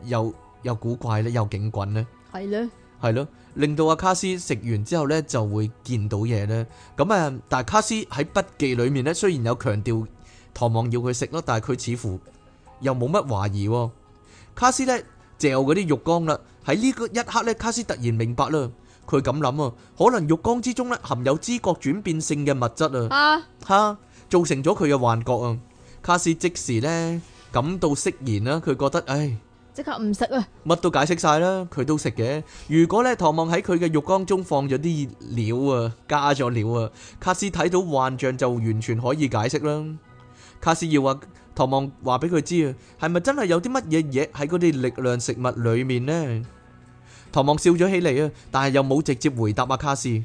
又又古怪咧，又警滾呢？係咧的，係咯，令到阿卡斯食完之後呢，就會見到嘢呢。咁啊，但係卡斯喺筆記裏面呢，雖然有強調唐望要佢食咯，但係佢似乎。又冇乜懷疑，卡斯咧嚼，嗰啲肉乾啦。喺呢個一刻咧，卡斯突然明白啦，佢咁諗啊，可能肉乾之中咧含有知覺轉變性嘅物質啊，吓造成咗佢嘅幻覺啊。卡斯即時咧感到釋然啦，佢覺得唉，即刻唔食啦，乜都解釋晒啦，佢都食嘅。如果咧唐望喺佢嘅肉乾中放咗啲料啊，加咗料啊，卡斯睇到幻象就完全可以解釋啦。卡斯要話。唐望話俾佢知啊，係咪真係有啲乜嘢嘢喺嗰啲力量食物裏面呢？唐望笑咗起嚟啊，但係又冇直接回答阿卡斯。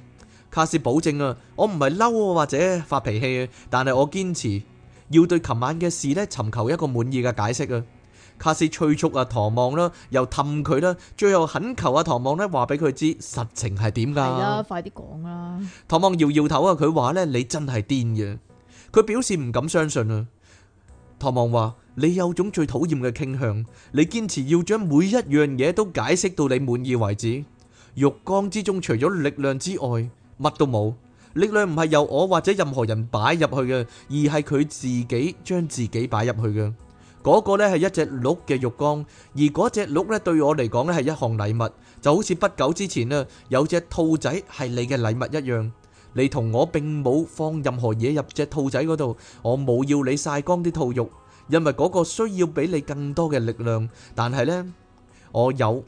卡斯保證啊，我唔係嬲啊，或者發脾氣啊，但係我堅持要對琴晚嘅事呢尋求一個滿意嘅解釋啊。卡斯催促啊，唐望啦，又氹佢啦，最後懇求阿、啊、唐望呢話俾佢知實情係點噶。係啊，快啲講啊！唐望搖搖頭啊，佢話呢，你真係癲嘅，佢表示唔敢相信啊。唐望話：你有種最討厭嘅傾向，你堅持要將每一樣嘢都解釋到你滿意為止。浴缸之中除咗力量之外，乜都冇。力量唔係由我或者任何人擺入去嘅，而係佢自己將自己擺入去嘅。嗰個呢係一隻鹿嘅浴缸，而嗰隻鹿呢對我嚟講呢係一項禮物，就好似不久之前呢有隻兔仔係你嘅禮物一樣。你同我並冇放任何嘢入隻兔仔嗰度，我冇要你晒乾啲兔肉，因為嗰個需要俾你更多嘅力量。但係咧，我有，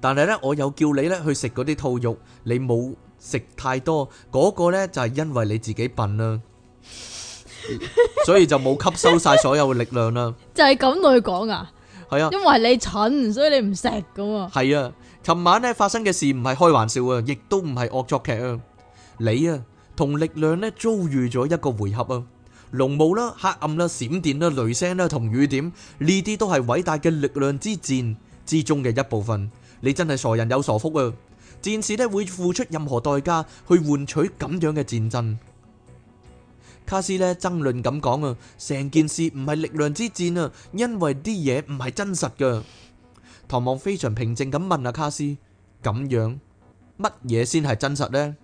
但係咧，我有叫你咧去食嗰啲兔肉，你冇食太多，嗰個咧就係因為你自己笨啦，所以就冇吸收晒所有嘅力量啦。就係咁同佢講啊？係啊，因為你蠢，所以你唔食噶嘛。係啊。尋晚咧發生嘅事唔係開玩笑啊，亦都唔係惡作劇啊。你啊同力量咧遭遇咗一個回合啊。濃霧啦、黑暗啦、閃電啦、雷聲啦同雨點，呢啲都係偉大嘅力量之戰之中嘅一部分。你真係傻人有傻福啊！戰士咧會付出任何代價去換取咁樣嘅戰爭。卡斯咧爭論咁講啊，成件事唔係力量之戰啊，因為啲嘢唔係真實噶。唐望非常平靜咁問阿卡斯：咁樣乜嘢先係真實呢？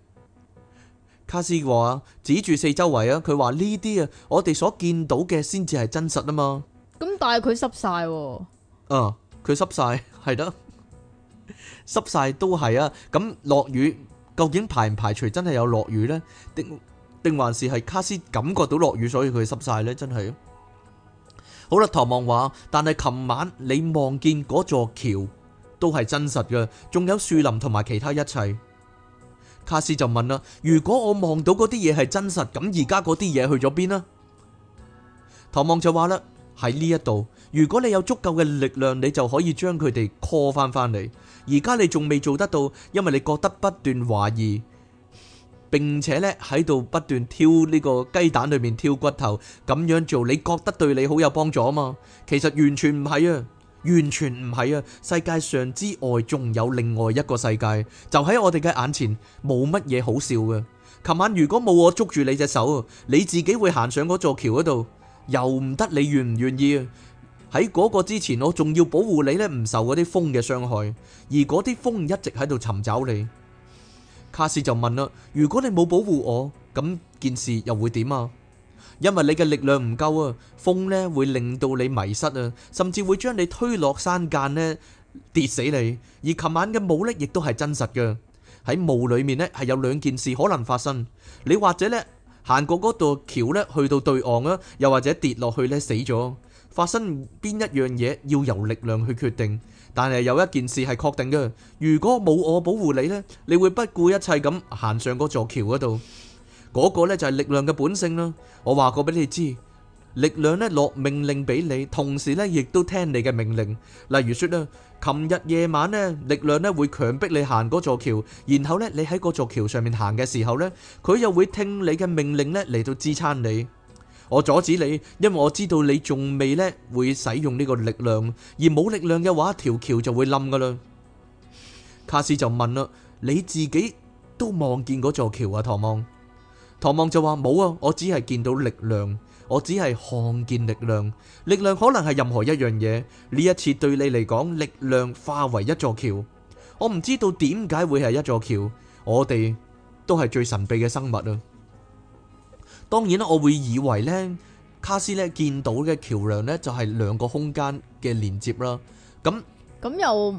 卡斯話：指住四周圍啊！佢話呢啲啊，我哋所見到嘅先至係真實啊嘛。咁但係佢濕晒，嗯，佢濕晒係得濕晒都係啊。咁落雨究竟排唔排除真係有落雨呢？定定還是係卡斯感覺到落雨，所以佢濕晒呢？真係。好啦，唐望話，但係琴晚你望見嗰座橋都係真實嘅，仲有樹林同埋其他一切。卡斯就問啦，如果我望到嗰啲嘢係真實，咁而家嗰啲嘢去咗邊啊？唐望就話啦，喺呢一度，如果你有足夠嘅力量，你就可以將佢哋 call 翻翻嚟。而家你仲未做得到，因為你覺得不斷懷疑。並且咧，喺度不斷挑呢個雞蛋裏面挑骨頭，咁樣做你覺得對你好有幫助啊嘛？其實完全唔係啊，完全唔係啊！世界上之外仲有另外一個世界，就喺我哋嘅眼前，冇乜嘢好笑嘅。琴晚如果冇我捉住你隻手，你自己會行上嗰座橋嗰度，由唔得你願唔願意啊！喺嗰個之前，我仲要保護你呢，唔受嗰啲風嘅傷害，而嗰啲風一直喺度尋找你。下次就問啦：如果你冇保護我，咁件事又會點啊？因為你嘅力量唔夠啊，風呢，會令到你迷失啊，甚至會將你推落山間呢，跌死你。而琴晚嘅霧呢，亦都係真實嘅。喺霧裏面呢，係有兩件事可能發生。你或者呢，行過嗰度橋呢，去到對岸啊，又或者跌落去呢，死咗。發生邊一樣嘢要由力量去決定，但係有一件事係確定嘅，如果冇我保護你呢，你會不顧一切咁行上嗰座橋嗰度，嗰、嗰個呢就係力量嘅本性啦。我話過俾你知，力量呢落命令俾你，同時呢亦都聽你嘅命令。例如說呢，琴日夜晚呢，力量呢會強迫你行嗰座橋，然後呢你喺嗰座橋上面行嘅時候呢，佢又會聽你嘅命令呢嚟到支撐你。我阻止你，因為我知道你仲未叻會使用呢個力量，而冇力量嘅話，條橋就會冧㗎啦。卡斯就問啦：你自己都望見嗰座橋啊？唐望，唐望就話，冇啊，我只係見到力量，我只係看見力量。力量可能係任何一樣嘢，呢一次對你嚟講，力量化為一座橋。我唔知道點解會係一座橋，我哋都係最神秘嘅生物啊！當然啦，我會以為呢卡斯咧見到嘅橋梁呢，就係兩個空間嘅連接啦。咁咁又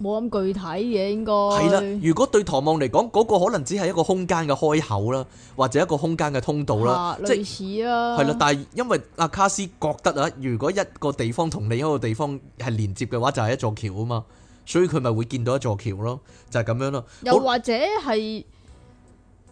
冇咁具體嘅應該。係啦，如果對唐望嚟講，嗰個可能只係一個空間嘅開口啦，或者一個空間嘅通道啦，啊、即係似啊。係啦，但係因為阿卡斯覺得啊，如果一個地方同另一個地方係連接嘅話，就係一座橋啊嘛，所以佢咪會見到一座橋咯，就係咁樣咯。又或者係。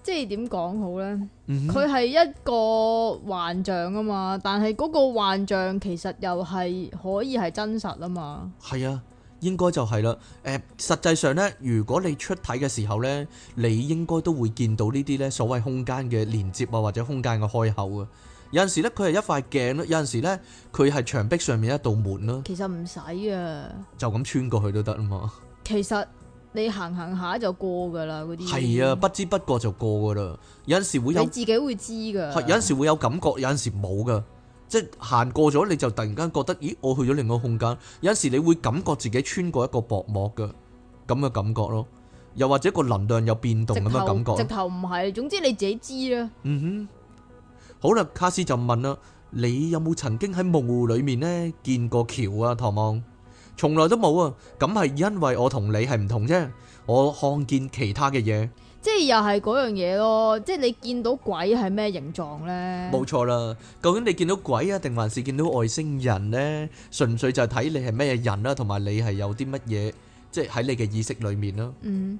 即係點講好呢？佢係、嗯、哼一個幻象，啊嘛，但係嗰個幻象其實又係可以係真實啊嘛。係啊，應該就係啦。誒、呃，實際上呢，如果你出體嘅時候呢，你應該都會見到呢啲咧所謂空間嘅連接啊，或者空間嘅開口啊。有陣時咧，佢係一塊鏡咯，有陣時咧，佢係牆壁上面一道門咯。其實唔使啊，就咁穿過去都得啊嘛。其實。你行行下就過噶啦，嗰啲係啊，不知不覺就過噶啦。有陣時會有你自己會知噶，有陣時會有感覺，有陣時冇噶。即係行過咗，你就突然間覺得，咦，我去咗另一個空間。有陣時你會感覺自己穿過一個薄膜噶，咁嘅感覺咯。又或者個能量有變動咁嘅直感覺。直頭唔係，總之你自己知啦。嗯哼，好啦，卡斯就問啦，你有冇曾經喺夢裏面呢見過橋啊，唐望？從來都冇啊！咁係因為我同你係唔同啫，我看見其他嘅嘢，即係又係嗰樣嘢咯。即係你見到鬼係咩形狀呢？冇錯啦，究竟你見到鬼啊，定還是見到外星人呢？純粹就係睇你係咩人啦，同埋你係有啲乜嘢，即係喺你嘅意識裏面啦。嗯，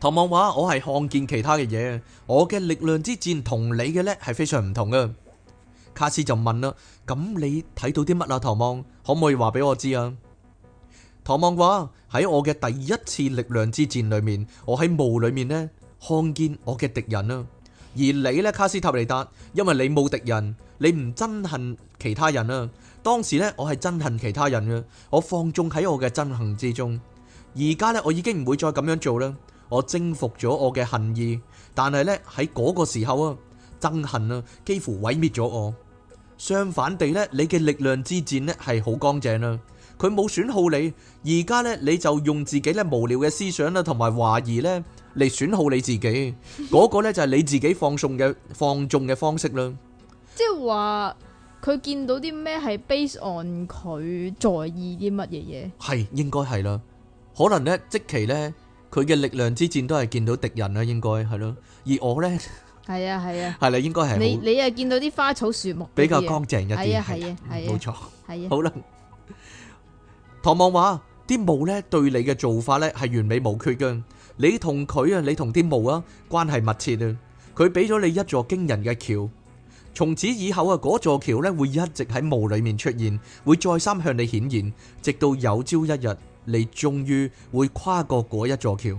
唐望話我係看見其他嘅嘢，我嘅力量之戰同你嘅呢係非常唔同噶。卡斯就問啦：咁你睇到啲乜啊？唐望？可唔可以話俾我知啊？唐望話，喺我嘅第一次力量之戰裏面，我喺霧裏面呢，看見我嘅敵人啊。而你呢，卡斯塔尼達，因為你冇敵人，你唔憎恨其他人啊。當時呢，我係憎恨其他人嘅，我放縱喺我嘅憎恨之中。而家呢，我已經唔會再咁樣做啦。我征服咗我嘅恨意，但係呢，喺嗰個時候啊，憎恨啊幾乎毀滅咗我。相反地咧，你嘅力量之戰咧係好乾淨啦，佢冇損耗你，而家咧你就用自己咧無聊嘅思想啦，同埋懷疑咧嚟損耗你自己，嗰個咧就係你自己放送嘅放縱嘅方式啦。即係話佢見到啲咩係 base on 佢在意啲乜嘢嘢？係應該係啦，可能咧即期咧佢嘅力量之戰都係見到敵人啦，應該係咯，而我咧。係啊，係啊，係啦，應該係你你啊，見到啲花草樹木比較乾淨一啲，係啊，係啊，係，冇錯，係啊，好啦，唐望話啲霧咧對你嘅做法咧係完美無缺嘅，你同佢啊，你同啲霧啊關係密切啊，佢俾咗你一座驚人嘅橋，從此以後啊，嗰座橋咧會一直喺霧裏面出現，會再三向你顯現，直到有朝一日你終於會跨過嗰一座橋。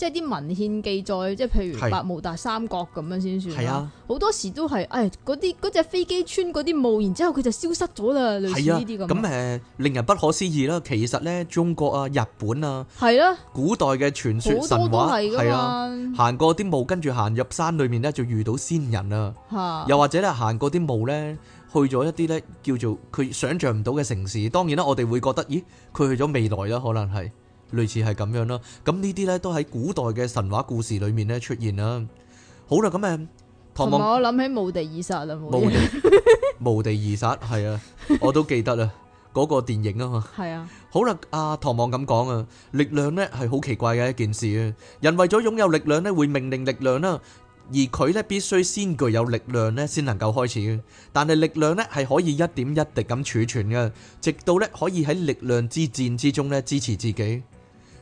即係啲文獻記載，即係譬如《百慕達三角》咁樣先算咯。好多時都係，哎，嗰啲隻飛機穿嗰啲霧，然之後佢就消失咗啦，類似呢啲咁。咁誒、啊呃，令人不可思議啦。其實咧，中國啊、日本啊，係啦、啊，古代嘅傳説神話係啊，行、啊、過啲霧，跟住行入山裏面咧，就遇到仙人啦。啊、又或者咧，行過啲霧咧，去咗一啲咧叫做佢想象唔到嘅城市。當然啦，我哋會覺得，咦，佢去咗未來啦，可能係。類似係咁樣啦，咁呢啲呢都喺古代嘅神話故事裏面呢出現啦。好啦，咁啊，唐望，同埋我諗起《無地二殺》啦，《無地無地二殺》係啊，我都記得啦，嗰個電影啊嘛。係啊，好啦，阿唐望咁講啊，力量呢係好奇怪嘅一件事啊。人為咗擁有力量呢，會命令力量啦，而佢呢必須先具有力量呢，先能夠開始。但係力量呢係可以一點一滴咁儲存嘅，直到呢可以喺力量之戰之中呢支持自己。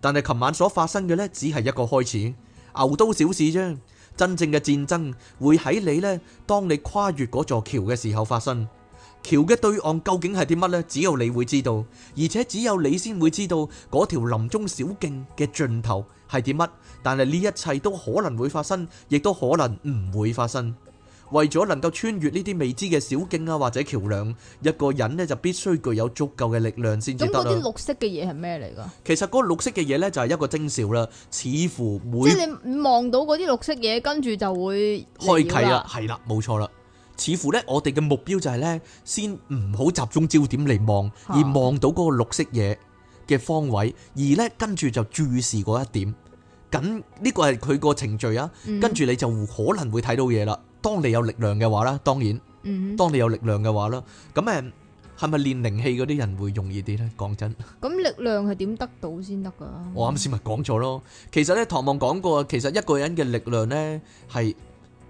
但係琴晚所發生嘅呢，只係一個開始，牛刀小試啫。真正嘅戰爭會喺你呢，當你跨越嗰座橋嘅時候發生。橋嘅對岸究竟係啲乜呢？只有你會知道，而且只有你先會知道嗰條林中小徑嘅盡頭係點乜。但係呢一切都可能會發生，亦都可能唔會發生。為咗能夠穿越呢啲未知嘅小徑啊或者橋梁，一個人咧就必須具有足夠嘅力量先至得啦。咁嗰啲綠色嘅嘢係咩嚟噶？其實嗰個綠色嘅嘢咧就係一個徵兆啦，似乎每即係你望到嗰啲綠色嘢，跟住就會開啟啦。係啦，冇錯啦。似乎咧，我哋嘅目標就係咧，先唔好集中焦點嚟望，而望到嗰個綠色嘢嘅方位，而咧跟住就注視嗰一點。咁呢個係佢個程序啊，跟住你就可能會睇到嘢啦。當你有力量嘅話啦，當然，當你有力量嘅話啦，咁誒，係咪練靈氣嗰啲人會容易啲咧？講真，咁力量係點得到先得噶？我啱先咪講咗咯，其實咧，唐望講過，其實一個人嘅力量咧係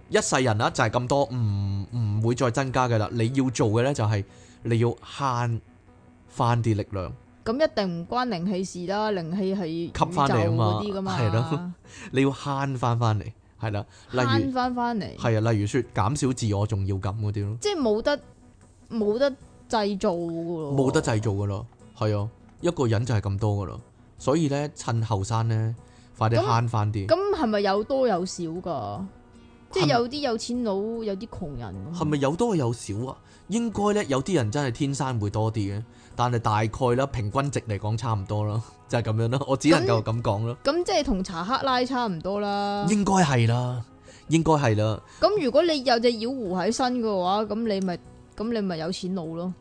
一世人啦，就係咁多，唔唔會再增加嘅啦。你要做嘅咧就係你要慳翻啲力量。咁一定唔關靈氣事啦，靈氣係宇宙吸翻嚟噶嘛，係咯，你要慳翻翻嚟。係啦，慳翻翻嚟。係啊，例如說減少自我重要感嗰啲咯。即係冇得冇得製造噶咯。冇得製造噶咯，係啊，一個人就係咁多噶咯。所以咧，趁後生咧，快啲慳翻啲。咁係咪有多有少噶？即係有啲有錢佬，有啲窮人。係咪有多有少啊的？應該咧，有啲人真係天生會多啲嘅。但係大概啦，平均值嚟講差唔多囉， 就係咁樣囉，我只能夠咁講囉。咁即係同查克拉差唔多啦，應該係啦，應該係啦。咁如果你有隻妖狐喺身嘅話，咁你咪咁你咪有錢佬咯。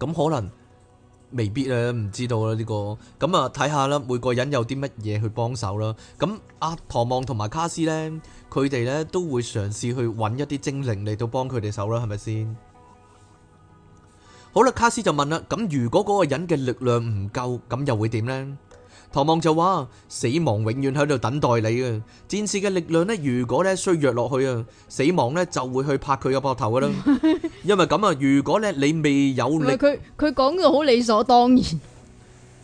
咁可能未必咧，唔知道啦呢、這個。咁啊，睇下啦，每個人有啲乜嘢去幫手啦。咁阿、啊、唐望同埋卡斯咧，佢哋咧都會嘗試去揾一啲精靈嚟到幫佢哋手啦，係咪先？好啦，卡斯就問啦，咁如果嗰個人嘅力量唔夠，咁又會點咧？唐望就話：死亡永遠喺度等待你啊，戰士嘅力量咧，如果咧衰弱落去啊，死亡咧就會去拍佢個膊頭噶啦。因為咁啊，如果咧你未有力，佢佢講到好理所當然。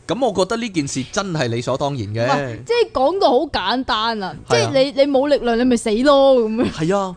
咁我覺得呢件事真係理所當然嘅，即係講到好簡單啊，即係你你冇力量，你咪死咯咁樣。係啊。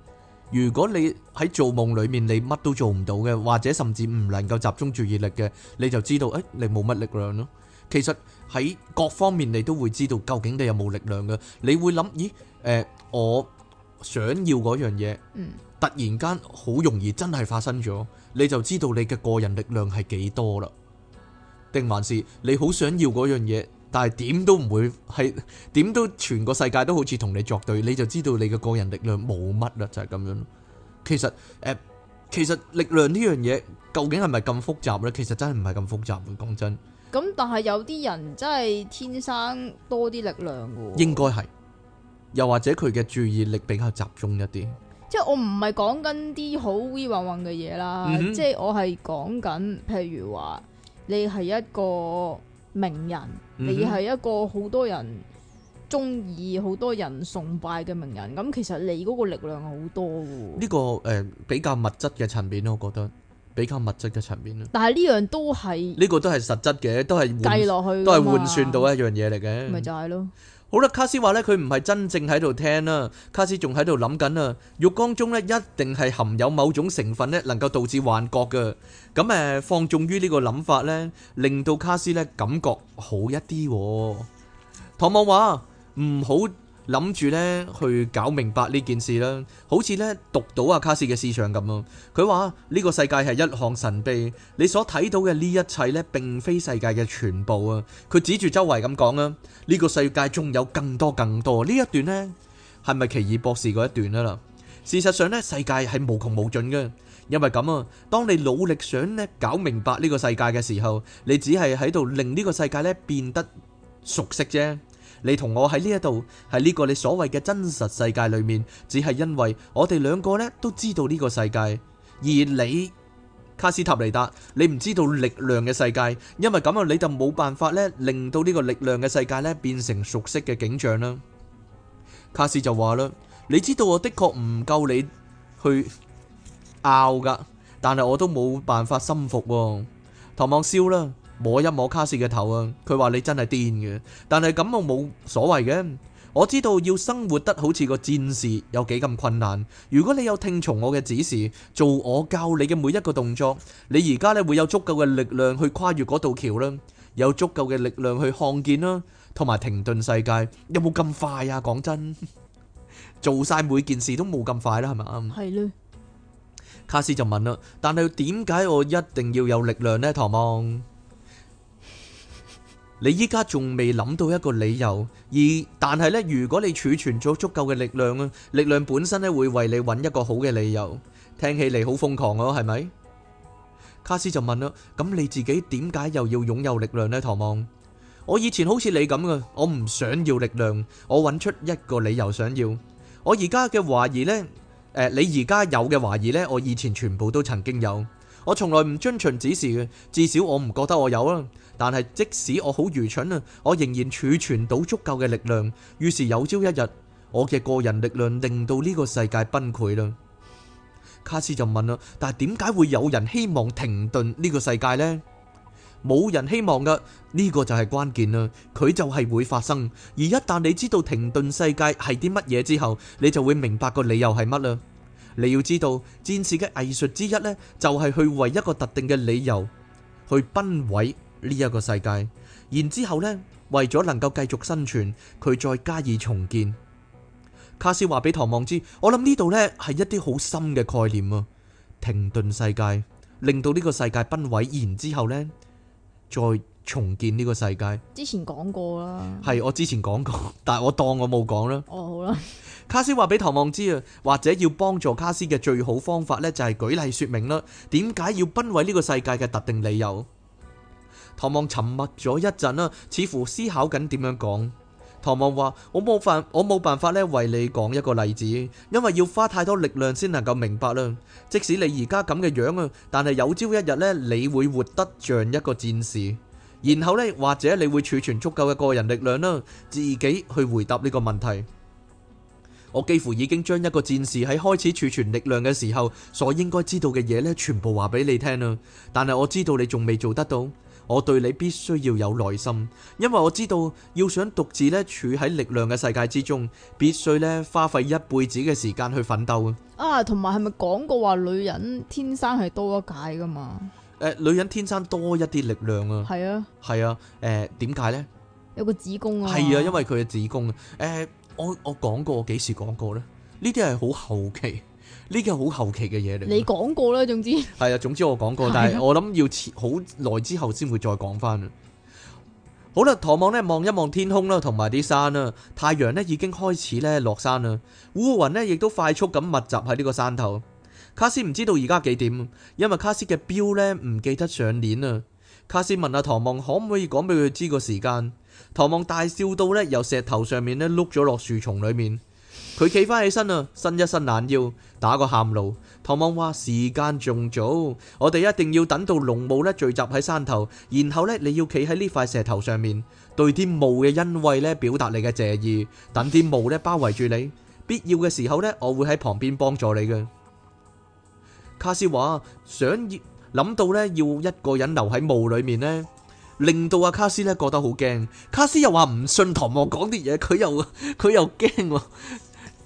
如果你喺做夢裏面，你乜都做唔到嘅，或者甚至唔能夠集中注意力嘅，你就知道誒、哎，你冇乜力量咯。其實喺各方面你都會知道究竟你有冇力量嘅。你會諗咦誒、呃，我想要嗰樣嘢，突然間好容易真係發生咗，你就知道你嘅個人力量係幾多啦。定還是你好想要嗰樣嘢？但係點都唔會係點都全個世界都好似同你作對，你就知道你嘅個人力量冇乜啦，就係咁樣。其實誒、其實力量呢樣嘢究竟係咪咁複雜呢？其實真係唔係咁複雜嘅，講真。咁但係有啲人真係天生多啲力量嘅。應該係，又或者佢嘅注意力比較集中一啲。即係我唔係講緊啲好暈暈嘅嘢啦，即係我係講緊，譬如話你係一個。名人，嗯、哼你係一個好多人中意、好多人崇拜嘅名人，咁其實你嗰個力量好多嘅。呢、這個誒、呃，比較物質嘅層面咯，我覺得比較物質嘅層面。但係呢樣都係呢個都係實質嘅，都係計落去，都係換算到一樣嘢嚟嘅，咪就係咯。好啦，卡斯話咧佢唔係真正喺度聽啦，卡斯仲喺度諗緊啊，浴缸中咧一定係含有某種成分咧，能夠導致幻覺㗎。咁誒放縱於呢個諗法咧，令到卡斯咧感覺好一啲。唐望話唔好。諗住咧去搞明白呢件事啦，好似咧讀到阿卡斯嘅思想咁啊！佢話呢個世界係一項神秘，你所睇到嘅呢一切咧，並非世界嘅全部啊！佢指住周圍咁講啦，呢個世界仲有更多更多。呢一段呢，係咪奇異博士嗰一段啊啦？事實上呢，世界係無窮無盡嘅，因為咁啊，當你努力想咧搞明白呢個世界嘅時候，你只係喺度令呢個世界咧變得熟悉啫。你同我喺呢一度，喺呢個你所謂嘅真實世界裏面，只係因為我哋兩個呢都知道呢個世界，而你卡斯塔尼達，你唔知道力量嘅世界，因為咁樣你就冇辦法呢令到呢個力量嘅世界呢變成熟悉嘅景象啦。卡斯就話啦，你知道我的確唔夠你去拗㗎，但係我都冇辦法心服喎。唐望笑啦。摸一摸卡士嘅頭啊！佢話你真係癲嘅，但係咁我冇所謂嘅。我知道要生活得好似個戰士有幾咁困難。如果你有聽從我嘅指示，做我教你嘅每一個動作，你而家咧會有足夠嘅力量去跨越嗰道橋啦，有足夠嘅力量去看見啦，同埋停頓世界，有冇咁快啊？講真，做晒每件事都冇咁快啦，係咪？係咧。卡士就問啦，但係點解我一定要有力量呢？唐望。你依家仲未諗到一個理由，而但係咧，如果你儲存咗足夠嘅力量啊，力量本身咧會為你揾一個好嘅理由。聽起嚟好瘋狂咯，係咪？卡斯就問啦：咁你自己點解又要擁有力量咧？唐望，我以前好似你咁噶，我唔想要力量，我揾出一個理由想要。我而家嘅懷疑咧，誒，你而家有嘅懷疑咧，我以前全部都曾經有。我從來唔遵循指示嘅，至少我唔覺得我有啦。但係即使我好愚蠢，啊，我仍然儲存到足夠嘅力量。於是有朝一日，我嘅個人力量令到呢個世界崩潰啦。卡斯就問啦，但係點解會有人希望停頓呢個世界呢？冇人希望噶，呢個就係關鍵啦。佢就係會發生。而一旦你知道停頓世界係啲乜嘢之後，你就會明白個理由係乜啦。你要知道，戰士嘅藝術之一呢，就係去為一個特定嘅理由去崩毀呢一個世界，然之後呢，為咗能夠繼續生存，佢再加以重建。卡斯話俾唐望知，我諗呢度呢係一啲好深嘅概念啊！停頓世界，令到呢個世界崩毀，然之後呢，再。重建呢個世界，之前講過啦，係，我之前講過，但係我當我冇講啦。哦，好啦，卡斯話俾唐望知啊，或者要幫助卡斯嘅最好方法呢，就係舉例說明啦。點解要崩毀呢個世界嘅特定理由？唐望沉默咗一陣啦，似乎思考緊點樣講。唐望話：我冇辦，我冇辦法咧，為你講一個例子，因為要花太多力量先能夠明白啦。即使你而家咁嘅樣啊，但係有朝一日呢，你會活得像一個戰士。然後咧，或者你會儲存足夠嘅個人力量啦，自己去回答呢個問題。我幾乎已經將一個戰士喺開始儲存力量嘅時候所應該知道嘅嘢，咧，全部話俾你聽啦。但係我知道你仲未做得到，我對你必須要有耐心，因爲我知道要想獨自咧處喺力量嘅世界之中，必須咧花費一輩子嘅時間去奮鬥啊！啊，同埋係咪講過話女人天生係多一解噶嘛？呃、女人天生多一啲力量啊！係啊，係、呃、啊，誒，點解呢？有個子宮啊！係啊，因為佢嘅子宮啊。誒、呃，我我講過，我幾時講過呢？呢啲係好後期，呢啲係好後期嘅嘢嚟。你講過啦，總之係啊，總之我講過，但係我諗要好耐之後先會再講翻、啊、好啦，唐望咧望一望天空啦，同埋啲山啦，太陽呢已經開始咧落山啦，烏雲呢亦都快速咁密集喺呢個山頭。卡斯唔知道而家幾點，因為卡斯嘅表呢唔記得上鏈啊。卡斯問阿、啊、唐望可唔可以講俾佢知個時間？唐望大笑到呢，由石頭上面呢碌咗落樹叢裏面。佢企翻起身啊，伸一伸懶腰，打個喊路。唐望話：時間仲早，我哋一定要等到濃霧呢聚集喺山頭，然後呢你要企喺呢塊石頭上面，對啲霧嘅恩惠呢表達你嘅謝意。等啲霧呢包圍住你，必要嘅時候呢，我會喺旁邊幫助你嘅。卡斯話想諗到咧，要一個人留喺霧裏面咧，令到阿卡斯咧覺得好驚。卡斯又話唔信唐望講啲嘢，佢又佢又驚。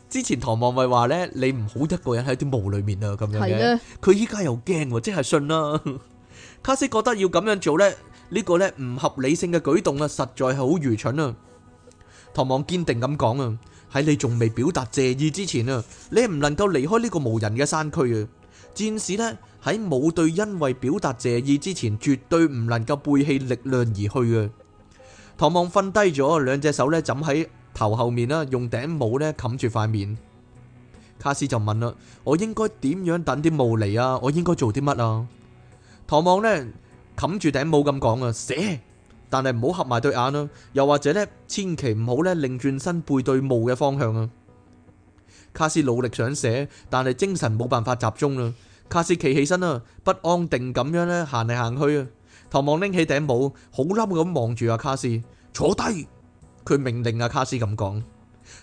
之前唐望咪話咧，你唔好一個人喺啲霧裏面啊，咁樣嘅。佢依家又驚，即係信啦。卡斯覺得要咁樣做呢，呢個咧唔合理性嘅舉動啊，實在係好愚蠢啊。唐望堅定咁講啊，喺你仲未表達謝意之前啊，你唔能夠離開呢個無人嘅山區啊。戰士咧喺冇對恩惠表達謝意之前，絕對唔能夠背棄力量而去啊。唐望瞓低咗，兩隻手咧枕喺頭後面啦，用頂帽咧冚住塊面。卡斯就問啦：我應該點樣等啲霧嚟啊？我應該做啲乜啊？唐望咧冚住頂帽咁講啊，寫，但係唔好合埋對眼啦，又或者咧，千祈唔好咧擰轉身背對霧嘅方向啊。卡斯努力想寫，但係精神冇辦法集中啦。卡斯企起身啦，不安定咁樣咧行嚟行去啊。唐望拎起頂帽，好嬲咁望住阿卡斯，坐低，佢命令阿卡斯咁講。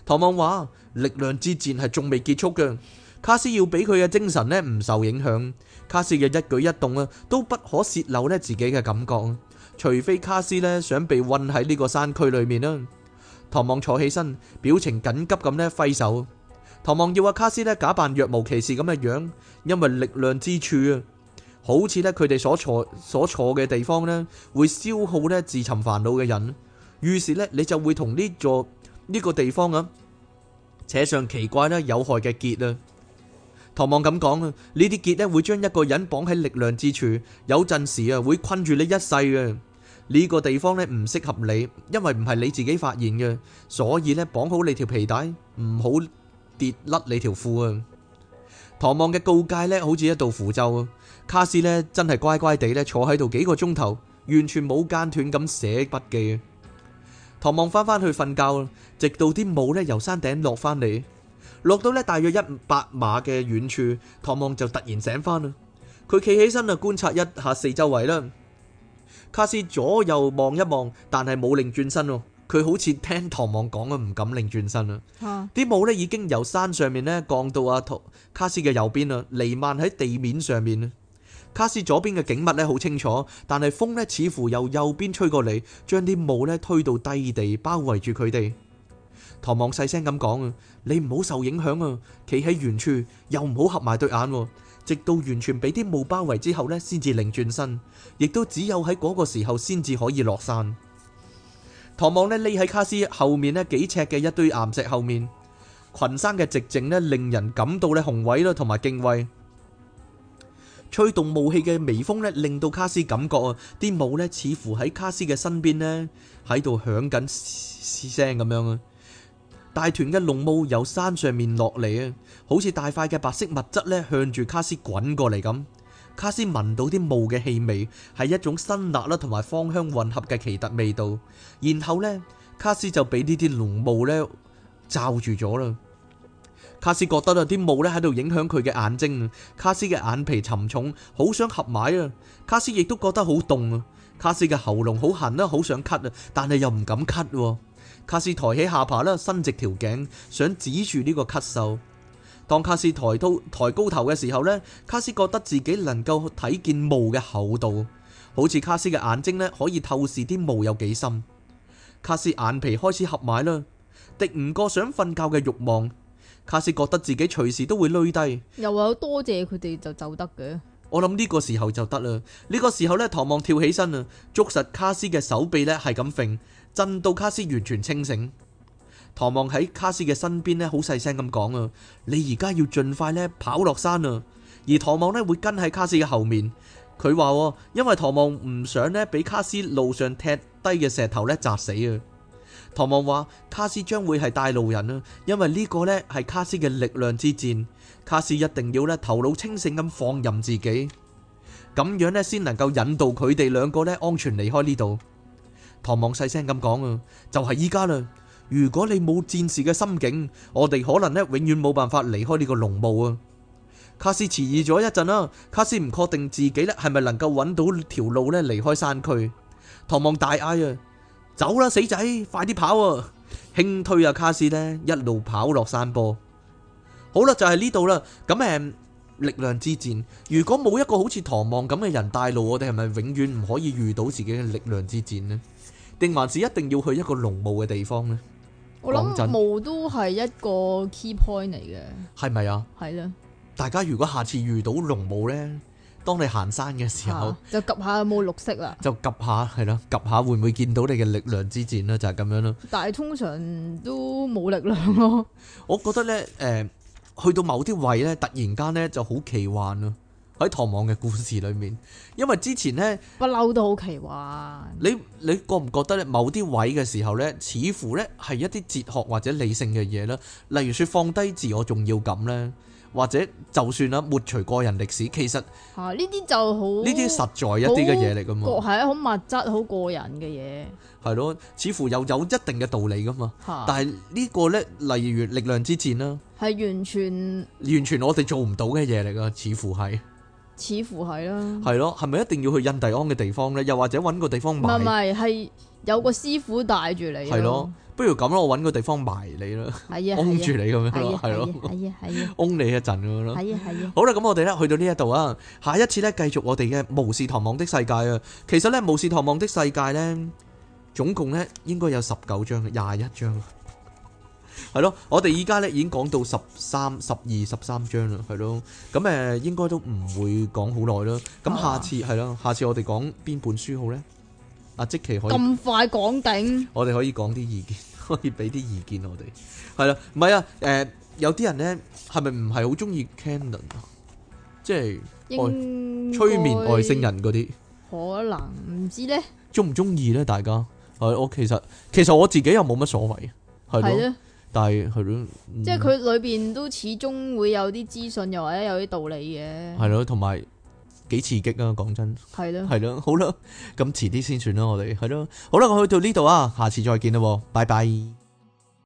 唐望話：力量之戰係仲未結束嘅，卡斯要俾佢嘅精神咧唔受影響。卡斯嘅一舉一動啊，都不可洩漏咧自己嘅感覺啊。除非卡斯咧想被困喺呢個山區裏面啦。唐望坐起身，表情緊急咁咧揮手。唐望要阿卡斯咧，假扮若無其事咁嘅樣，因為力量之處啊，好似咧佢哋所坐所坐嘅地方咧，會消耗咧自尋煩惱嘅人。於是咧，你就會同呢座呢個地方咁扯上奇怪咧有害嘅結啊。唐望咁講啊，呢啲結咧會將一個人綁喺力量之處，有陣時啊會困住你一世啊。呢個地方咧唔適合你，因為唔係你自己發現嘅，所以咧綁好你條皮帶，唔好。跌甩你條褲啊！唐望嘅告誡咧，好似一道符咒啊！卡斯咧，真係乖乖地咧坐喺度幾個鐘頭，完全冇間斷咁寫筆記。唐望翻翻去瞓覺啦，直到啲霧咧由山頂落翻嚟，落到咧大約一百碼嘅遠處，唐望就突然醒翻啦。佢企起身啊，觀察一下四周圍啦。卡斯左右望一望，但係冇擰轉身哦。佢好似聽唐望講嘅唔敢擰轉身啊，啲霧咧已經由山上面咧降到阿、啊、唐卡斯嘅右邊啊，彌漫喺地面上面啦。卡斯左邊嘅景物咧好清楚，但係風咧似乎由右邊吹過嚟，將啲霧咧推到低地包圍，包圍住佢哋。唐望細聲咁講啊，你唔好受影響啊，企喺原處，又唔好合埋對眼，直到完全畀啲霧包圍之後咧，先至擰轉身，亦都只有喺嗰個時候先至可以落山。唐望咧匿喺卡斯後面咧幾尺嘅一堆岩石後面，群山嘅寂靜咧令人感到咧雄偉咯，同埋敬畏。吹動霧氣嘅微風咧，令到卡斯感覺啊，啲霧咧似乎喺卡斯嘅身邊咧喺度響緊嘶聲咁樣啊！大團嘅濃霧由山上面落嚟啊，好似大塊嘅白色物質咧向住卡斯滾過嚟咁。卡斯聞到啲霧嘅氣味，係一種辛辣啦同埋芳香混合嘅奇特味道。然後呢，卡斯就俾呢啲濃霧咧罩住咗啦。卡斯覺得有啲霧咧喺度影響佢嘅眼睛。卡斯嘅眼皮沉重，好想合埋啊。卡斯亦都覺得好凍啊。卡斯嘅喉嚨好痕啦，好想咳啊，但係又唔敢咳。卡斯抬起下巴啦，伸直條頸，想止住呢個咳嗽。當卡斯抬高抬高頭嘅時候呢，卡斯覺得自己能夠睇見霧嘅厚度，好似卡斯嘅眼睛咧可以透視啲霧有幾深。卡斯眼皮開始合埋啦，敵唔過想瞓覺嘅慾望。卡斯覺得自己隨時都會累低。又話好多謝佢哋就走得嘅。我諗呢個時候就得啦，呢個時候呢，唐望跳起身啦，捉實卡斯嘅手臂呢係咁揈，震到卡斯完全清醒。唐望喺卡斯嘅身邊咧，好細聲咁講啊！你而家要盡快咧跑落山啊！而唐望咧會跟喺卡斯嘅後面。佢話因為唐望唔想呢俾卡斯路上踢低嘅石頭呢砸死啊！唐望話卡斯將會係帶路人啊，因為呢個呢係卡斯嘅力量之戰。卡斯一定要呢頭腦清醒咁放任自己，咁樣呢先能夠引導佢哋兩個呢安全離開呢度。唐望細聲咁講啊，就係依家啦！如果你冇戰士嘅心境，我哋可能呢永遠冇辦法離開呢個濃霧啊！卡斯遲疑咗一陣啊，卡斯唔確定自己呢係咪能夠揾到條路呢離開山區。唐望大嗌啊：走啦，死仔，快啲跑！啊！」輕推啊，卡斯呢，一路跑落山坡。好啦，就係呢度啦。咁誒，力量之戰，如果冇一個好似唐望咁嘅人帶路，我哋係咪永遠唔可以遇到自己嘅力量之戰呢？定還是一定要去一個濃霧嘅地方呢？咧？我諗濃霧都係一個 key point 嚟嘅，係咪啊？係啦的，大家如果下次遇到濃霧呢，當你行山嘅時候，啊、就及下有冇綠色啦？就及下係咯，及下會唔會見到你嘅力量之戰咧？就係、是、咁樣咯。但係通常都冇力量咯。 我覺得呢，誒、呃，去到某啲位呢，突然間呢就好奇幻咯。喺《唐望》嘅故事裏面，因為之前呢，不嬲都好奇幻。你你覺唔覺得咧？某啲位嘅時候呢，似乎呢係一啲哲學或者理性嘅嘢啦。例如說放低自我重要感呢，或者就算啦抹除個人歷史，其實吓呢啲就好呢啲實在一啲嘅嘢嚟噶嘛。係啊，好物質、好過人嘅嘢。係咯，似乎又有，有一定嘅道理噶嘛。 但係呢個呢，例如力量之戰啦，係完全完全我哋做唔到嘅嘢嚟噶，似乎係。似乎係啦，係咯，係咪一定要去印第安嘅地方咧？又或者搵個地方埋？唔係唔係，係有個師傅帶住你、啊。係咯，不如咁啦，我搵個地方埋你啦，擁住你咁樣咯，係咯，係啊係啊，擁你一陣咁樣咯，係啊係啊。好啦，咁我哋咧去到呢一度啊，下一次咧繼續我哋嘅《無視糖網的世界》啊。其實咧，《巫士唐望的世界》咧，總共咧應該有十九章，廿一章。係咯，我哋依家咧已經講到十三、十二、十三章啦，係咯。咁誒，應該都唔會講好耐咯。咁下次係咯、啊，下次我哋講邊本書好咧？阿即奇可以咁快講頂？ 我哋可以講啲意見，可以俾啲意見我哋係啦。唔係啊，誒、呃，有啲人咧係咪唔係好中意 Cannon 啊？即係應該 催眠外星人嗰啲，可能唔知咧，中唔中意咧？大家係我其實，其實我自己又冇乜所謂，係咯。但係係咯，嗯、即係佢裏邊都始終會有啲資訊，又或者有啲道理嘅。係咯，同埋幾刺激啊！講真，係咯的，係咯，好啦，咁遲啲先算啦，我哋係咯，好啦，我去到呢度啊，下次再見啦，拜拜。